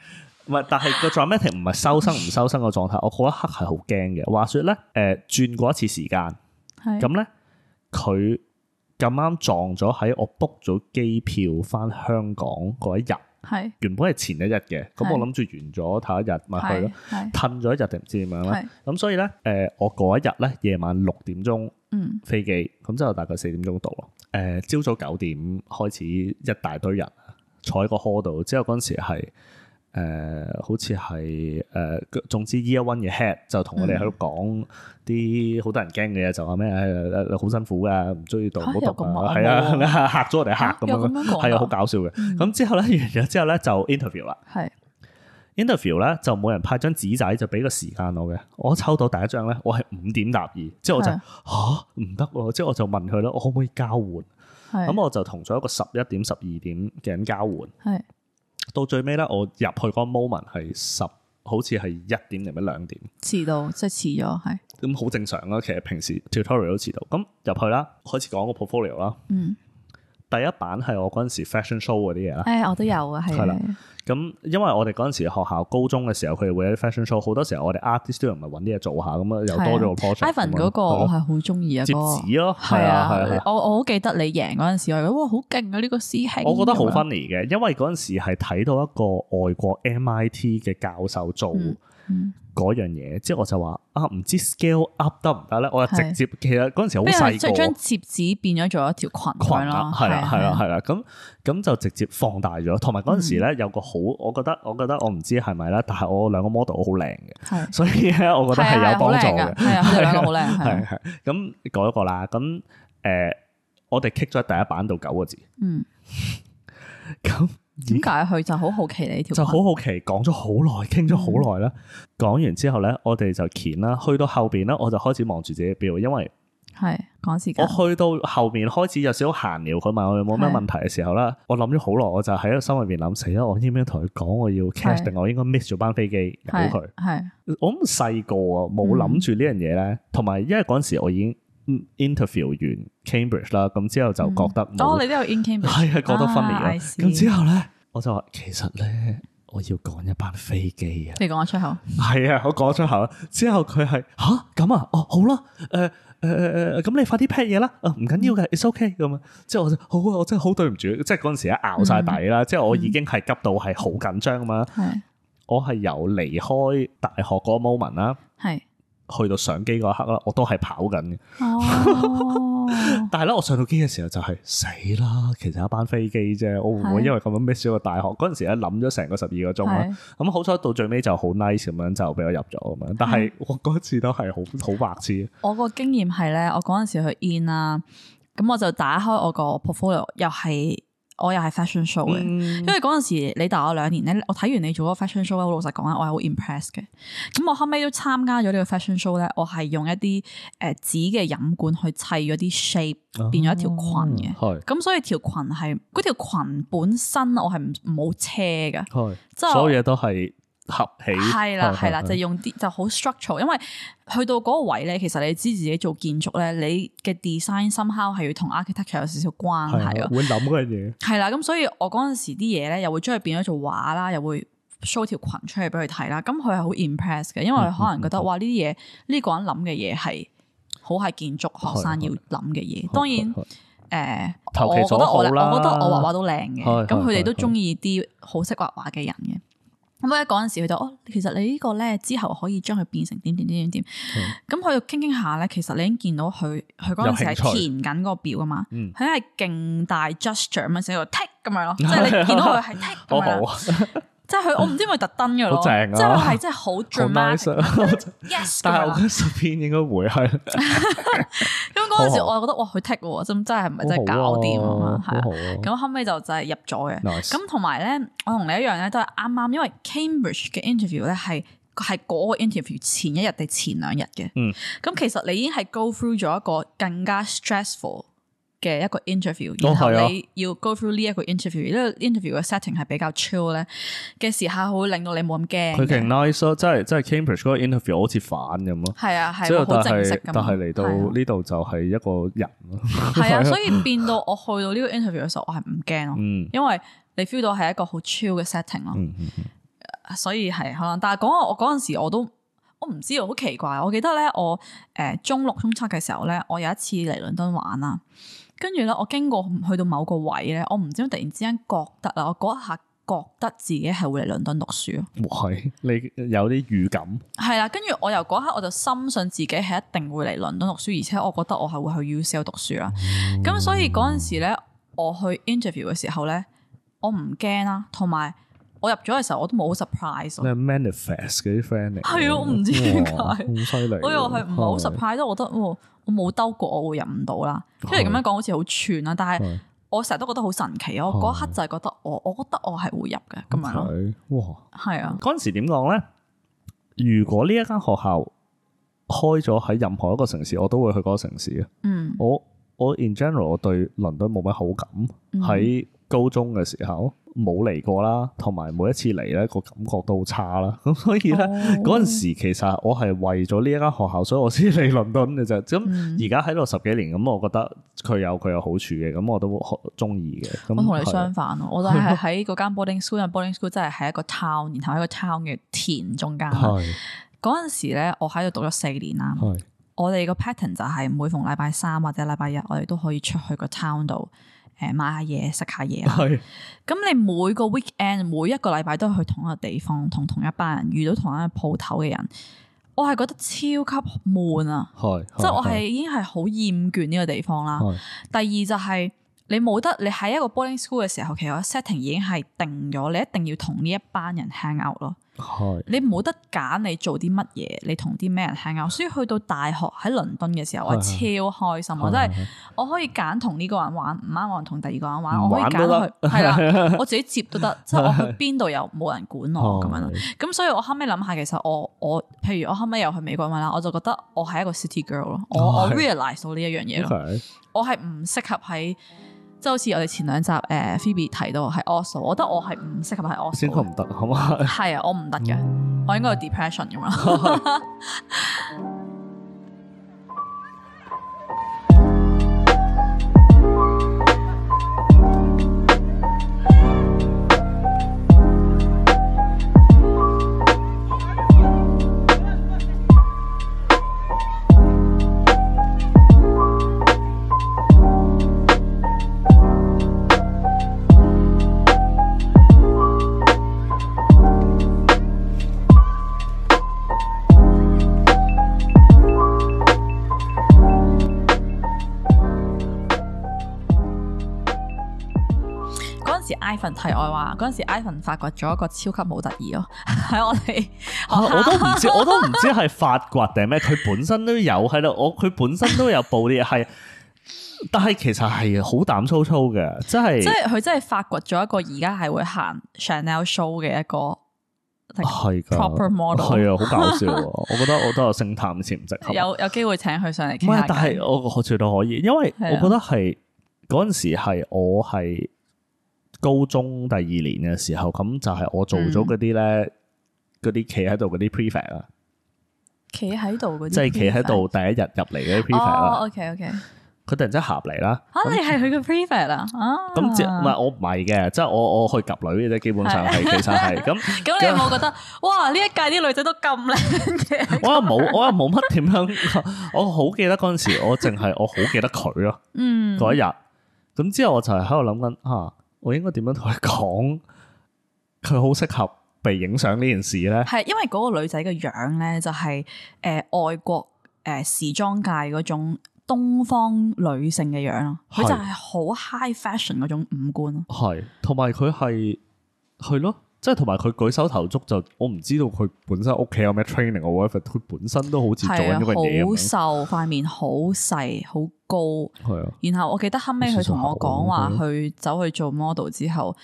唔係，但係個 dramatic 唔係收身唔收身嘅狀態。 我嗰一刻係好驚嘅。話說咧，誒、呃，轉過一次時間，係咁咧，佢咁啱撞咗喺我 book 咗機票返香港嗰一日，係是原本係前一日嘅。咁是我諗住完咗頭一日咪去咯，褪咗一日定唔知點樣咧。咁是所以咧，誒、呃，我嗰一日咧夜晚六點鐘，嗯，飛機，咁就大概四點鐘到咯。誒，朝、呃、早九點開始，一大堆人坐喺個 hall 度。之後嗰陣時係誒、呃，好似係誒，總之 Evan 嘅 head 就同我哋喺度講啲好多人驚嘅嘢，就話咩誒，好、欸欸、辛苦噶，唔中意讀唔好讀啊，係啊吓咗我哋吓咁樣、啊，係啊好搞笑嘅。咁、嗯、之後咧完咗之後咧就 interview 啦。Interview 咧，就冇人派張紙仔就俾個時間我嘅。我抽到第一張咧，我係五點踏二，之後我就吓唔得，之後是的 我就問佢啦，我可唔可以交換？咁是的 我就同咗一個十一點十二點嘅人交換。是的 到最尾咧，我入去嗰 moment 係十，好似係一點定係兩點？遲到即係遲咗，係咁好正常啦。其實平時 tutorial 都遲到，咁入去啦，開始講個 portfolio 啦，嗯。第一版係我嗰陣時,時 fashion show 嗰啲嘢啦，誒、哎、我都有啊，係。係啦，咁因為我哋嗰陣時學校高中嘅時候，佢哋會有 fashion show，好多時候我哋 artist 都唔係搵啲嘢做下，咁啊又多咗個 project。Ivan 嗰的個我係好中意啊，個、哦。折哥紙咯，係啊係啊，我我好記得你贏嗰陣時，我話哇好勁啊！呢個思維，我覺得好、啊這個、funny 嘅樣，因為嗰陣時係睇到一個外國 MIT 嘅教授做。嗯嗰樣嘢， 嗯、即係我就話啊，唔知 scale up 得唔得咧？是 我就直接，其實嗰陣時好細個，即係將折紙變咗做一條裙裙啦，係啦係啦係啦，咁咁就直接放大咗。同埋嗰陣時咧有個好，我覺得，我覺得我唔知係咪咧，但係我兩個 model 好靚嘅，所以我覺得係有幫助嘅，係啊，好靚，係啊，好靚，係係咁改一個啦。咁、呃、誒，我哋 kick 咗喺第一版到九個字，嗯，九。點解佢就好好奇呢條？就好好奇，講咗好耐，傾咗好耐啦。講、嗯、完之後咧，我哋就鉗啦。去到後邊咧，我就開始望住自己錶，因為係講時間。我去到後邊開始有少少閒聊，佢問我有冇咩問題嘅時候咧，是的 我諗咗好耐，我就喺個心入邊諗死啦。我應唔應該同佢講，我要 cash 定是的 我應該 miss 咗班飛機到佢？係我咁細個啊，冇諗住呢樣嘢咧，同埋因為嗰陣時我已經。Interview 完 Cambridge 啦，咁之後就覺得、嗯，當你都有 in Cambridge 係啊、哎，覺得分離咗。咁之後咧，我就話其實咧，我要趕一班飛機啊。你講得出口，係啊，我講得出口啦。之後佢係吓咁啊，哦好啦，誒誒誒誒，咁你快啲 pack 嘢啦。唔緊要嘅，it's okay 咁啊。之後我就好，我真係好對唔住，即係嗰陣時啊，咬晒底啦。即係我已經係急到係好緊張啊嘛。係、嗯，我係由離開大學嗰個 moment 啦。係。去到上機嗰刻啦，我都係跑緊嘅。Oh. 但係咧，我上到機嘅時候就係死啦，其實一班飛機啫，我會唔會因為咁樣 miss 咗個大學嗰陣是時咧諗咗成個十二個鐘啦。咁是好彩到最尾就好 nice 咁樣就俾我入咗咁樣。但係我嗰次都係好好白痴。我個經驗係咧，我嗰陣時去 in 啦，咁我就打開我個 portfolio，又係。我又係 fashion show 嘅，因為嗰陣時你大我兩年咧，我睇完你做嗰個 fashion show 咧，老實講咧，我係好 impress 嘅。咁我後尾都參加咗呢個 fashion show 咧，我係用一啲誒紙嘅飲管去砌咗啲 shape，變咗一條裙嘅。咁、啊嗯、所以條裙係嗰條裙本身我係唔冇車嘅，即係、啊、就所有嘢都係。合起係啦，係啦， 就是、用啲就好、是、structural。因為去到嗰個位咧，其實你知自己做建築咧，你嘅 design somehow 係要同 architecture 有少少關係啊。會諗嗰樣嘢係啦，咁 所以我嗰陣時啲嘢咧，又會將佢變咗做畫啦，又會 show 條裙出嚟俾佢睇啦。咁佢係好 impress 嘅，因為可能覺得嗯嗯哇呢啲嘢呢個人諗嘅嘢係好係建築學生要諗嘅嘢。的當然，誒的好、呃，我覺得好我覺得我畫畫都靚嘅，咁佢哋都中意啲好識畫畫嘅人嘅。咁喺嗰陣時，佢就哦，其實你呢個咧，之後可以將佢變成點點點點點。咁可以傾傾下咧，其實你已經見到佢，佢嗰陣時係填緊嗰個表啊嘛。佢係勁大 gesture 咁樣寫 到 tick 咁樣咯，即係你見到佢係 tick。好好。 即係我唔知咪特登嘅咯， 啊、即係係真係好 dramatic，但係我覺得十篇應該會係。咁嗰時我又覺得哇，佢 take 真係唔係真係搞掂啊嘛，係啊。咁、啊嗯、後尾就就係入咗嘅。咁同埋咧，我同你一樣咧，都係啱啱，因為 Cambridge 嘅 interview 咧係係嗰個 interview 前一日定前兩日嘅。嗯，咁其實你已經係 go through 咗一個更加 stressful。嘅一個 interview，然後你要 go through 呢一個 interview，因為 interview 嘅 setting 係比較 chill 咧嘅時候會令到你冇咁驚。佢勁 nice 咯，即係即係 Cambridge 嗰個 interview 好似反咁咯。係啊，係，即係好正式咁。但係嚟到呢度就係一個人咯。係啊，所以變到我去到呢個 interview 嘅時候，我係唔驚咯。因為你 feel 到係一個好 chill 嘅 setting 咯。所以係可能，但係講我嗰陣時，我都我唔知喎，好奇怪。我記得咧，我誒中六中七嘅時候咧，我有一次嚟倫敦玩啦。跟住咧，我經過去到某個位咧，我唔知點突然之間覺得啊，我嗰一刻覺得自己係會嚟倫敦讀書。係，你有啲預感。係啦，跟住我由嗰刻我就深信自己係一定會嚟倫敦讀書，而且我覺得我係會去 UCL 讀書啦。咁、嗯、所以嗰陣時咧，我去 interview 嘅時候咧，我唔驚啦，同埋我入咗嘅時候我都冇好 surprise。咩 manifest 嗰啲 friend？係啊，我唔知點解。好犀利！我又係唔係好 surprise？因為我覺得。我冇兜過，我會入唔到啦。雖然咁樣講，好似好串啦，但係我成日都覺得好神奇。是我嗰一刻就係覺得我，我覺得我係會入嘅咁樣咯。哇，係啊！嗰陣時點講咧？如果呢一間學校開咗喺任何一個城市，我都會去嗰個城市嘅。嗯，我我 in general，我對倫敦冇乜好感喺。嗯高中嘅時候冇嚟過啦，同埋每一次嚟咧，個感覺都差啦，咁所以咧，嗰陣時其實我係為咗呢一間學校，所以我先嚟倫敦嘅啫。咁而家喺度十幾年，咁我覺得佢有佢有好處嘅，咁我都好中意嘅。咁同你相反，是我都係喺嗰間 boarding school，boarding school 真係喺一個 town，然後喺個 town 嘅田中間。嗰陣的時咧，我喺度讀咗四年啦。的我哋個 pattern 就係每逢禮拜三或者禮拜日，我哋都可以出去個 town 度。誒，買下嘢食下嘢，咁你每個 weekend 每一個禮拜都去同一個地方，同同一班人，遇到同一個鋪頭嘅人，我係覺得超級悶啊！即係 我係已經係好厭倦呢個地方啦。 第二就係你冇得，你喺一個 boarding school 嘅時候，其實我 setting 已經係定咗，你一定要同呢一班人 hang out 咯。是你冇得揀，你做啲乜嘢，你同啲咩人 hang out。所以去到大學喺倫敦嘅時候，是是我超開心啊！真係我可以揀同呢個人玩，唔啱我同第二個人玩，玩我可以揀去係啦，我自己接都得。即係是我去邊度又冇人管我咁是樣。咁所以，我後尾諗下，其實我我，譬如我後尾又去美國玩啦，我就覺得我係一個 city girl 咯，是是我 real 是是我 realize 到呢一樣嘢咯，我係唔適合喺。就好似我哋前兩集誒、呃、，Phoebe 提到係 Also，我覺得我係唔適合係 Also，先得唔得好係嘛？係 啊，我唔得嘅，嗯、我應該有 depression 咁樣。 嗰陣時，Ivan 發掘咗一個超級冇得意咯，喺 我哋，我都唔知，我都唔知係發掘定咩，佢本身都有，喺度，我佢本身都有報啲嘢，係，但係其實係好膽粗粗嘅，即係即係佢真係發掘咗一個而家係會行 Chanel show 嘅一個係 proper model，係啊，好搞笑， 我覺得我都有偵探潛質，有有機會請佢上嚟傾。唔係，但係我我絕對可以，因為我覺得係嗰陣時係我係。我 高中第二年嘅時候，咁就係我做咗嗰啲咧，嗰啲企喺度嗰啲 prefect 啊，企喺度嗰啲，即係企喺度第一日入嚟嗰啲 prefect 啦。O K O K，佢突然之間合嚟啦。啊，你係佢個 prefect 啊？啊，咁唔係我唔係嘅，即係我我去夾女嘅啫。基本上係其實係咁。咁你有冇覺得哇？呢一屆啲女仔都咁靚嘅？我又冇，我又冇乜點樣。我好記得嗰陣時，我淨係我好記得佢咯。嗯，嗰一日咁之後，我就係喺度諗緊啊。我應該點樣同佢講？佢好適合被影相呢件事咧？係因為嗰個女仔嘅樣咧、就是，就係誒外國誒、呃、時裝界嗰種東方女性嘅樣咯，佢是就係好 high fashion 嗰種五官，係同埋佢係係咯。即係同埋佢舉手投足就，我唔知道佢本身屋企有咩 training 個 w i 佢本身都好似做緊嗰個嘢咁。係啊，好瘦，塊面好細，好高。的然後我記得後尾佢同我講話，佢走去做 model 之後，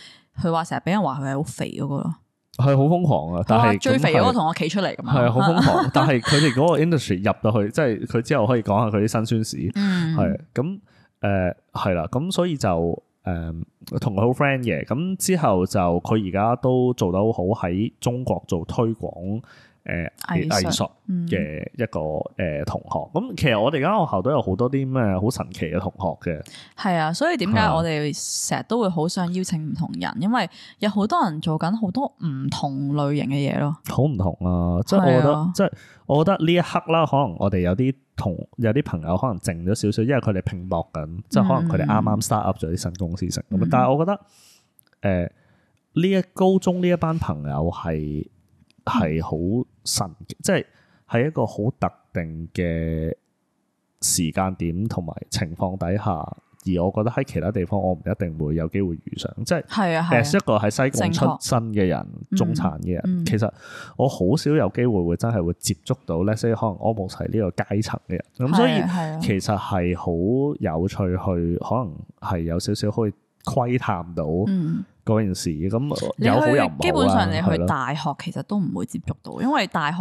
佢話成日俾人話佢係好肥嗰個咯。係好瘋狂啊！但係最肥嗰個同我企出嚟咁。係啊，好瘋狂！但係佢哋嗰個 industry 入到去，即係佢之後可以講下佢啲辛酸史。嗯。係、嗯、咁，誒、嗯，係、嗯、啦，咁所以就。誒同佢好 friend 嘅，咁、um, 之後就佢而家都做得好好喺中國做推廣。誒藝藝術嘅一個誒同學，咁、嗯、其實我哋間學校都有好多啲咩好神奇嘅同學嘅係啊，所以點解我哋成日都會好想邀請唔同人，啊、因為有好多人做緊好多唔同類型嘅嘢咯，好唔同啊！即係、啊、我覺得，即係、啊、我覺得呢、就是、一刻啦，可能我哋有啲同有啲朋友可能靜咗少少，因為佢哋拼搏緊，即係、嗯、可能佢哋啱啱 start up 咗啲新公司成咁。嗯、但係我覺得誒呢一高中呢一班朋友係係好。神，即係喺一個好特定嘅時間點同埋情況底下，而我覺得喺其他地方我唔一定會有機會遇上。即係，係啊係、啊。一個喺西貢出身嘅人，正確 中產嘅人，嗯、其實我好少有機會會真係會接觸到咧，嗯、所以可能我冇係呢個階層嘅人。咁、啊啊、所以，其實係好有趣去，去可能係有少少可以窺探到。嗯嗯嗰件事咁有好有冇？基本上你去大學其實都唔會接觸到，因為大學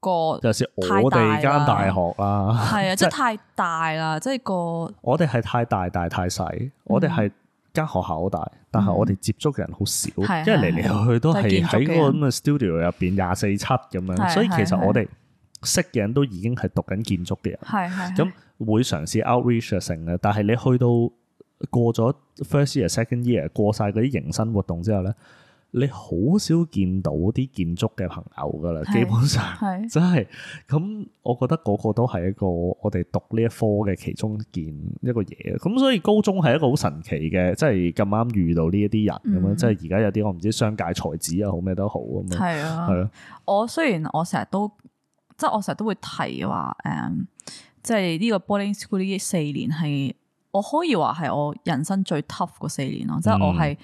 個就是我哋間大學啦。係啊，即係太大啦，即係個。我哋係太大，大太細。我哋係間學校好大，但係我哋接觸嘅人好少，因為嚟嚟去去都係喺個咁嘅 studio 入邊廿四七咁樣。所以其實我哋識嘅人都已經係讀緊建築嘅人。係係。咁會嘗試 outreach 性嘅，但係你去到。過咗 first year、second year，過晒嗰啲迎新活動之後咧，你好少見到啲建築嘅朋友噶啦，是基本上，是真係咁，我覺得個個都係一個我哋讀呢一科嘅其中一件一個嘢。咁所以高中係一個好神奇嘅，即係咁啱遇到呢一啲人咁樣，嗯、即係而家有啲我唔知商界才子啊，好咩都好咁樣。係啊，係啊。我雖然我成日都，即係我成日都會提話，誒、嗯，即係呢個 boarding school 呢四年係。我可以話係我人生最 tough 嗰四年咯，嗯、即係我係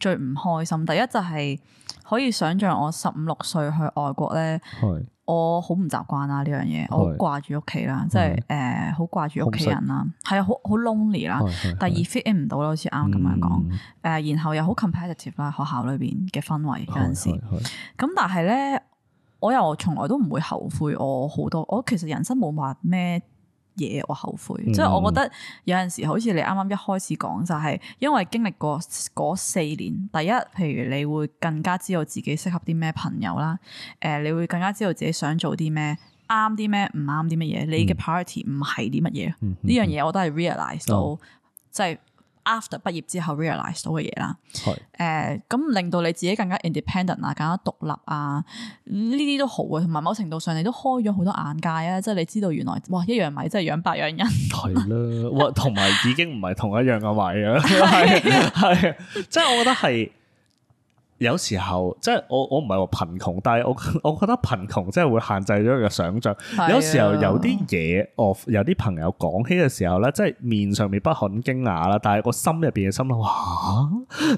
最唔開心。第一就係可以想象我十五六歲去外國咧，嘿我好唔習慣啦呢樣嘢，嘿我好掛住屋企啦，嘿即係誒好掛住屋企人啦，係啊好好 lonely 啦。第二 fit in 唔到咯，好似啱啱咁樣講誒，然後又好 competitive 啦，學校裏邊嘅氛圍嗰陣時。咁但係咧，我又從來都唔會後悔我好多，我其實人生冇話咩。嘢我後悔，即係、嗯、我覺得有陣時好似你啱啱一開始講就係、是，因為經歷過嗰四年，第一，譬如你會更加知道自己適合啲咩朋友啦，誒、呃，你會更加知道自己想做啲咩，啱啲咩，唔啱啲乜嘢，嗯、你嘅 priority 唔係啲乜嘢，呢、嗯、樣嘢我都係 realize 到，即係。After 畢業之後 realize 到嘅嘢啦，誒咁い、嗯、令到你自己更加 independent 啊，更加獨立啊，呢啲都好啊，同埋某程度上你都開咗好多眼界啊，即、就、係、是、你知道原來哇一樣米真係養百樣人，係啦，哇同埋 已經唔係同一樣嘅米啊，係，即係我覺得係。有時候即係我我唔係話貧窮，但係我我覺得貧窮真係會限制咗佢嘅想像。有時候有啲嘢，我有啲朋友講起嘅時候咧，即係面上面不很驚訝啦，但係個心入邊嘅心諗：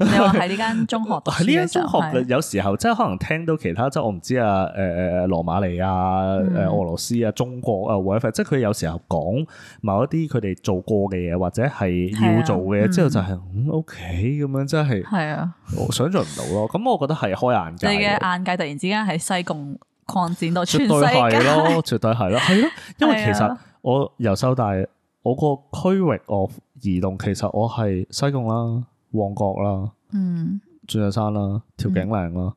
你話喺呢間中學度，喺呢間中學度有時候，即係可能聽到其他即係我唔知啊誒誒羅馬尼亞、誒俄羅斯啊、中國啊 whatever 即係佢有時候講某一啲佢哋做過嘅嘢，或者係要做嘅嘢之後就係嗯 OK 咁樣，即係係啊，想像唔到咯。咁我覺得係開眼界，你嘅眼界突然之間喺西貢擴展到全世界，絕對係咯，絕對係啦，係咯，因為其實我由收大我個區域我移動，其實我係西貢啦、旺角啦、嗯、鑽石山啦、調景嶺啦，嗯、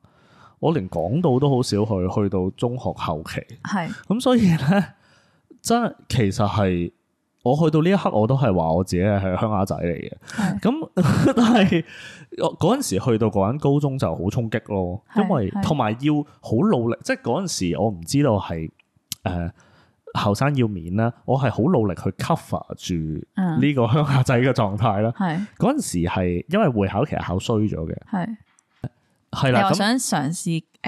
我連港島都好少去，去到中學後期，係咁是、嗯，所以咧，真係其實係。我去到呢一刻，我都係話我自己係鄉下仔嚟嘅。咁是但係嗰陣時去到嗰間高中就好衝擊咯，因為同埋是要好努力。即係嗰陣時我我、呃，我唔知道係誒後生要面啦，我係好努力去 cover 住呢個鄉下仔嘅狀態啦。係嗰陣時係因為會考其實考衰咗嘅，係係是、嗯、啦。又 那我想嘗試。誒，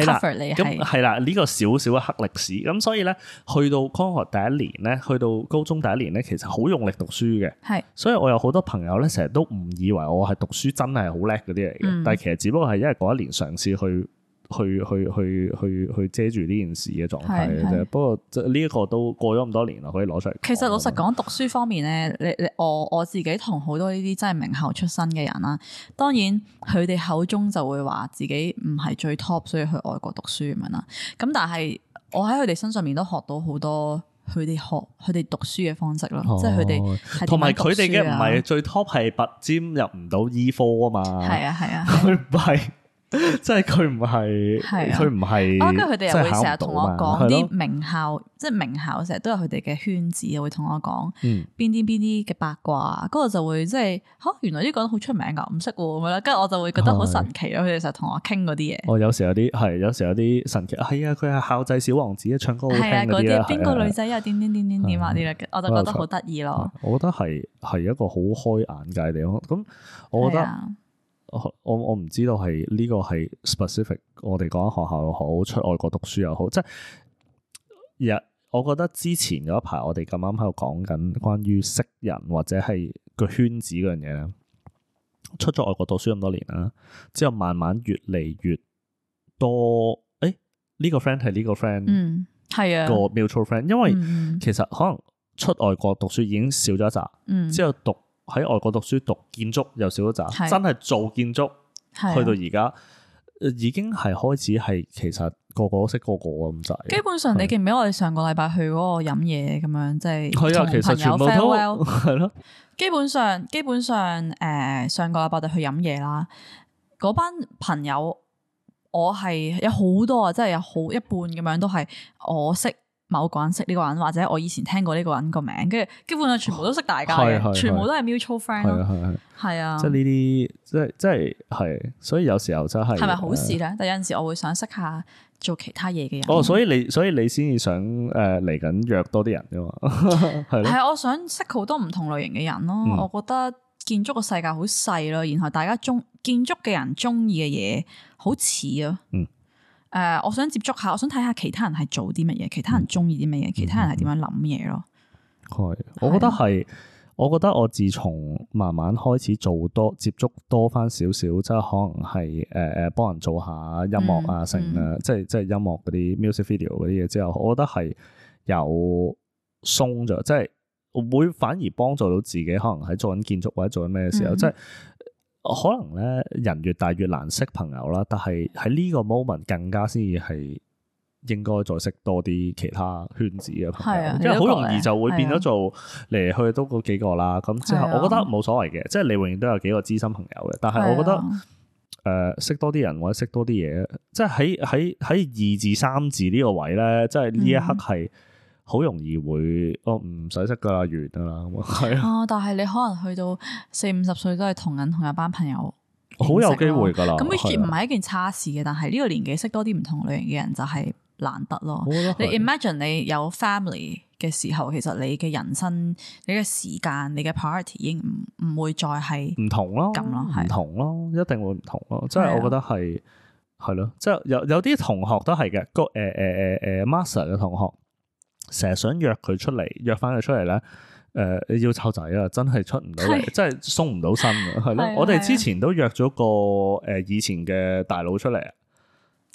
係啦、uh, 的，咁係啦，呢、這個少少嘅黑歷史，咁所以咧，去到中學第一年咧，去到高中第一年咧，其實好用力讀書嘅，係是，所以我有好多朋友咧，成日都唔以為我係讀書真係好叻嗰啲嚟嘅，嗯、但係其實只不過係因為嗰一年嘗試去。去去去去去遮住呢件事嘅狀態嘅啫，是是不過即呢一個都過咗咁多年啦，可以攞出嚟。其實老實講，讀書方面咧，你你我我自己同好多呢啲真係名校出身嘅人啦，當然佢哋口中就會話自己唔係最 top，所以去外國讀書咁樣啦。咁但係我喺佢哋身上面都學到好多佢哋學佢哋讀書嘅方式啦，哦、即係佢哋同埋佢哋嘅唔係最 top 係拔尖入唔到醫科啊嘛，係啊係啊，唔係、啊。 即係佢唔係，佢唔係。跟住佢哋又會成日同我講啲名校，即係名校成日都有佢哋嘅圈子，又會同我講邊啲邊啲嘅八卦。嗰個就會即係，吓原來呢個人好出名噶，唔識咁樣。跟住我就會覺得好神奇咯。佢哋成日同我傾嗰啲嘢。哦，有時有啲係，有時有啲神奇。係啊，佢係校際小王子，唱歌好聽嗰啲。邊個女仔又點點點點點啊啲咧？我就覺得好得意咯。我覺得係係一個好開眼界嘅地方。咁，我覺得。我我唔知道係呢、呢個係 specific，我哋講學校又好，出外國讀書又好，即係，日我覺得之前嗰一排我哋咁啱喺度講緊關於識人或者係個圈子嗰樣嘢咧，出咗外國讀書咁多年啦，之後慢慢越嚟越多，誒、欸、呢、呢個 friend 係呢個 friend，嗯係啊個 mutual friend，嗯，因為其實可能出外國讀書已經少咗一集嗯之後讀。喺外國讀書讀建築又少咗扎，的真係做建築去的到而家，已經係開始係其實個個都識個個咁滯。基本上你記唔記得我哋上個禮拜去嗰個飲嘢咁樣，即係同朋友 farewell 係咯。基本上基本上誒，上個禮拜就去飲嘢啦。嗰班朋友我係有、就是，有好多啊，即係有好一半咁樣都係我識。某個人識呢個人，或者我以前聽過呢個人個名，跟住基本上全部都識大家嘅，哦、全部都係 mutual friend 咯。啊，即係呢啲，即係即係係，所以有時候真係係咪好事咧？呃、但有陣時我會想識下做其他嘢嘅人。哦，所以你所以你先至想誒嚟緊約多啲人啫嘛。係 啊呢，我想識好多唔同類型嘅人咯。嗯、我覺得建築個世界好細咯，然後大家中建築嘅人中意嘅嘢好似啊。嗯。誒，uh, 我想接觸下，我想睇下其他人係做啲乜嘢，其他人中意啲乜嘢，嗯、其他人係點樣諗嘢咯。係，我覺得係，我覺得我自從慢慢開始做多接觸多翻少少，即係可能係誒誒幫人做下音樂啊，成啊、嗯，嗯、即係即係音樂嗰啲 music video 嗰啲嘢之後，我覺得係有鬆咗，即係會反而幫助到自己，可能喺做緊建築或者做緊咩嘅時候，嗯、即係。可能咧，人越大越難識朋友啦。但係喺呢個 moment 更加先至係應該再識多啲其他圈子嘅朋友，即係好容易就會變咗做嚟，去都嗰幾個啦。咁之後，我覺得冇所謂嘅，啊、即係你永遠都有幾個知心朋友嘅。但係我覺得，誒、啊，呃、識多啲人或者識多啲嘢，即係喺喺喺二至三字呢個位咧，即係呢一刻係。嗯好容易會，我唔使識噶啦，完噶啦，係 啊、哦。但係你可能去到四五十歲都係同緊同一班朋友，好有機會噶啦。咁 w 唔係一件差事嘅，的但係呢個年紀識多啲唔同類型嘅人就係難得咯。的你 imagine 你有 family 嘅時候，其實你嘅人生、你嘅時間、你嘅 priority 已經唔唔會再係唔同咯，咁咯的，係唔同咯，一定會唔同咯。即係我覺得係係咯，即係有有啲同學都係嘅，個誒誒誒誒 master 嘅同學。成日想約佢出嚟，約翻佢出嚟咧。誒、呃，要湊仔啊，真係出唔到嚟，是的 真係鬆唔到身嘅，係咯。我哋之前都約咗個誒以前嘅大佬出嚟。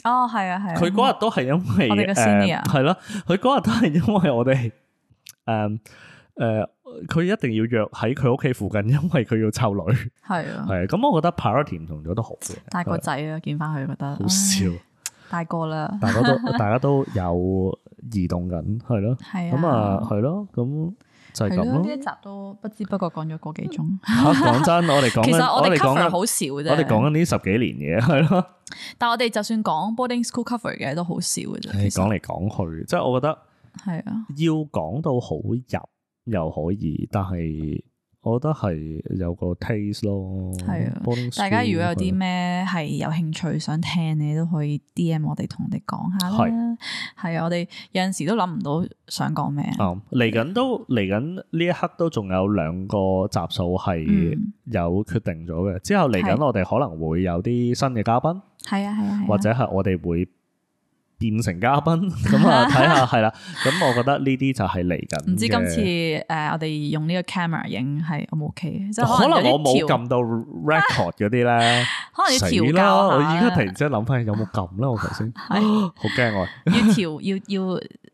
哦，係啊，係。佢嗰日都係因為，係咯，佢嗰日都係因為我哋誒誒，佢、呃呃、一定要約喺佢屋企附近，因為佢要湊女是的。係、嗯、啊。係，咁我覺得 Parody 唔同咗都好多。帶個仔啊，見翻佢覺得好笑。大個啦， 大家都大家都有移動緊，係咯，咁啊，係咯，咁就係咁咯。呢、啊、一集都不知不覺講咗個幾鐘。講、嗯啊、真，我哋講，其實我哋 cover 好少啫。我哋講緊呢十幾年嘢，係咯。但係我哋就算講 boarding school cover 嘅都好少嘅啫。講嚟講去，即係 我覺得係啊，要講到好入又可以，但係。我覺得係有個 case 咯，幫的 ons 大家如果有啲咩係有興趣想聽，你都可以 DM 我哋同你講下啦。係啊的，係啊，我哋有陣時都諗唔到想講咩。嚟緊都嚟緊呢一刻都仲有兩個集數係有決定咗嘅，嗯，之後嚟緊我哋可能會有啲新嘅嘉賓，係啊係啊或者係我哋會，變成嘉賓咁啊，睇下係啦，咁我覺得呢啲就係嚟緊。唔知今次誒、呃、我哋用呢個 camera 影係唔 OK 嘅，就可,可能我冇撳到 record 嗰啲咧。可能要調啦，我而家突然之間諗翻有冇撳啦，我頭先好驚我。要調要要。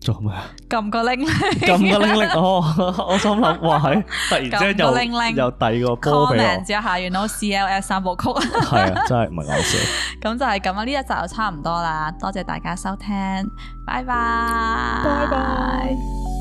做咩啊？撳個鈴鈴，撳個鈴鈴，我我心諗，哇！係突然之間又又第二個波俾，comment 一下，原都 CLS 三部曲，係啊，真係唔係搞笑。咁就係咁啊，呢一集就差唔多啦，多謝大家收聽，拜拜，拜拜。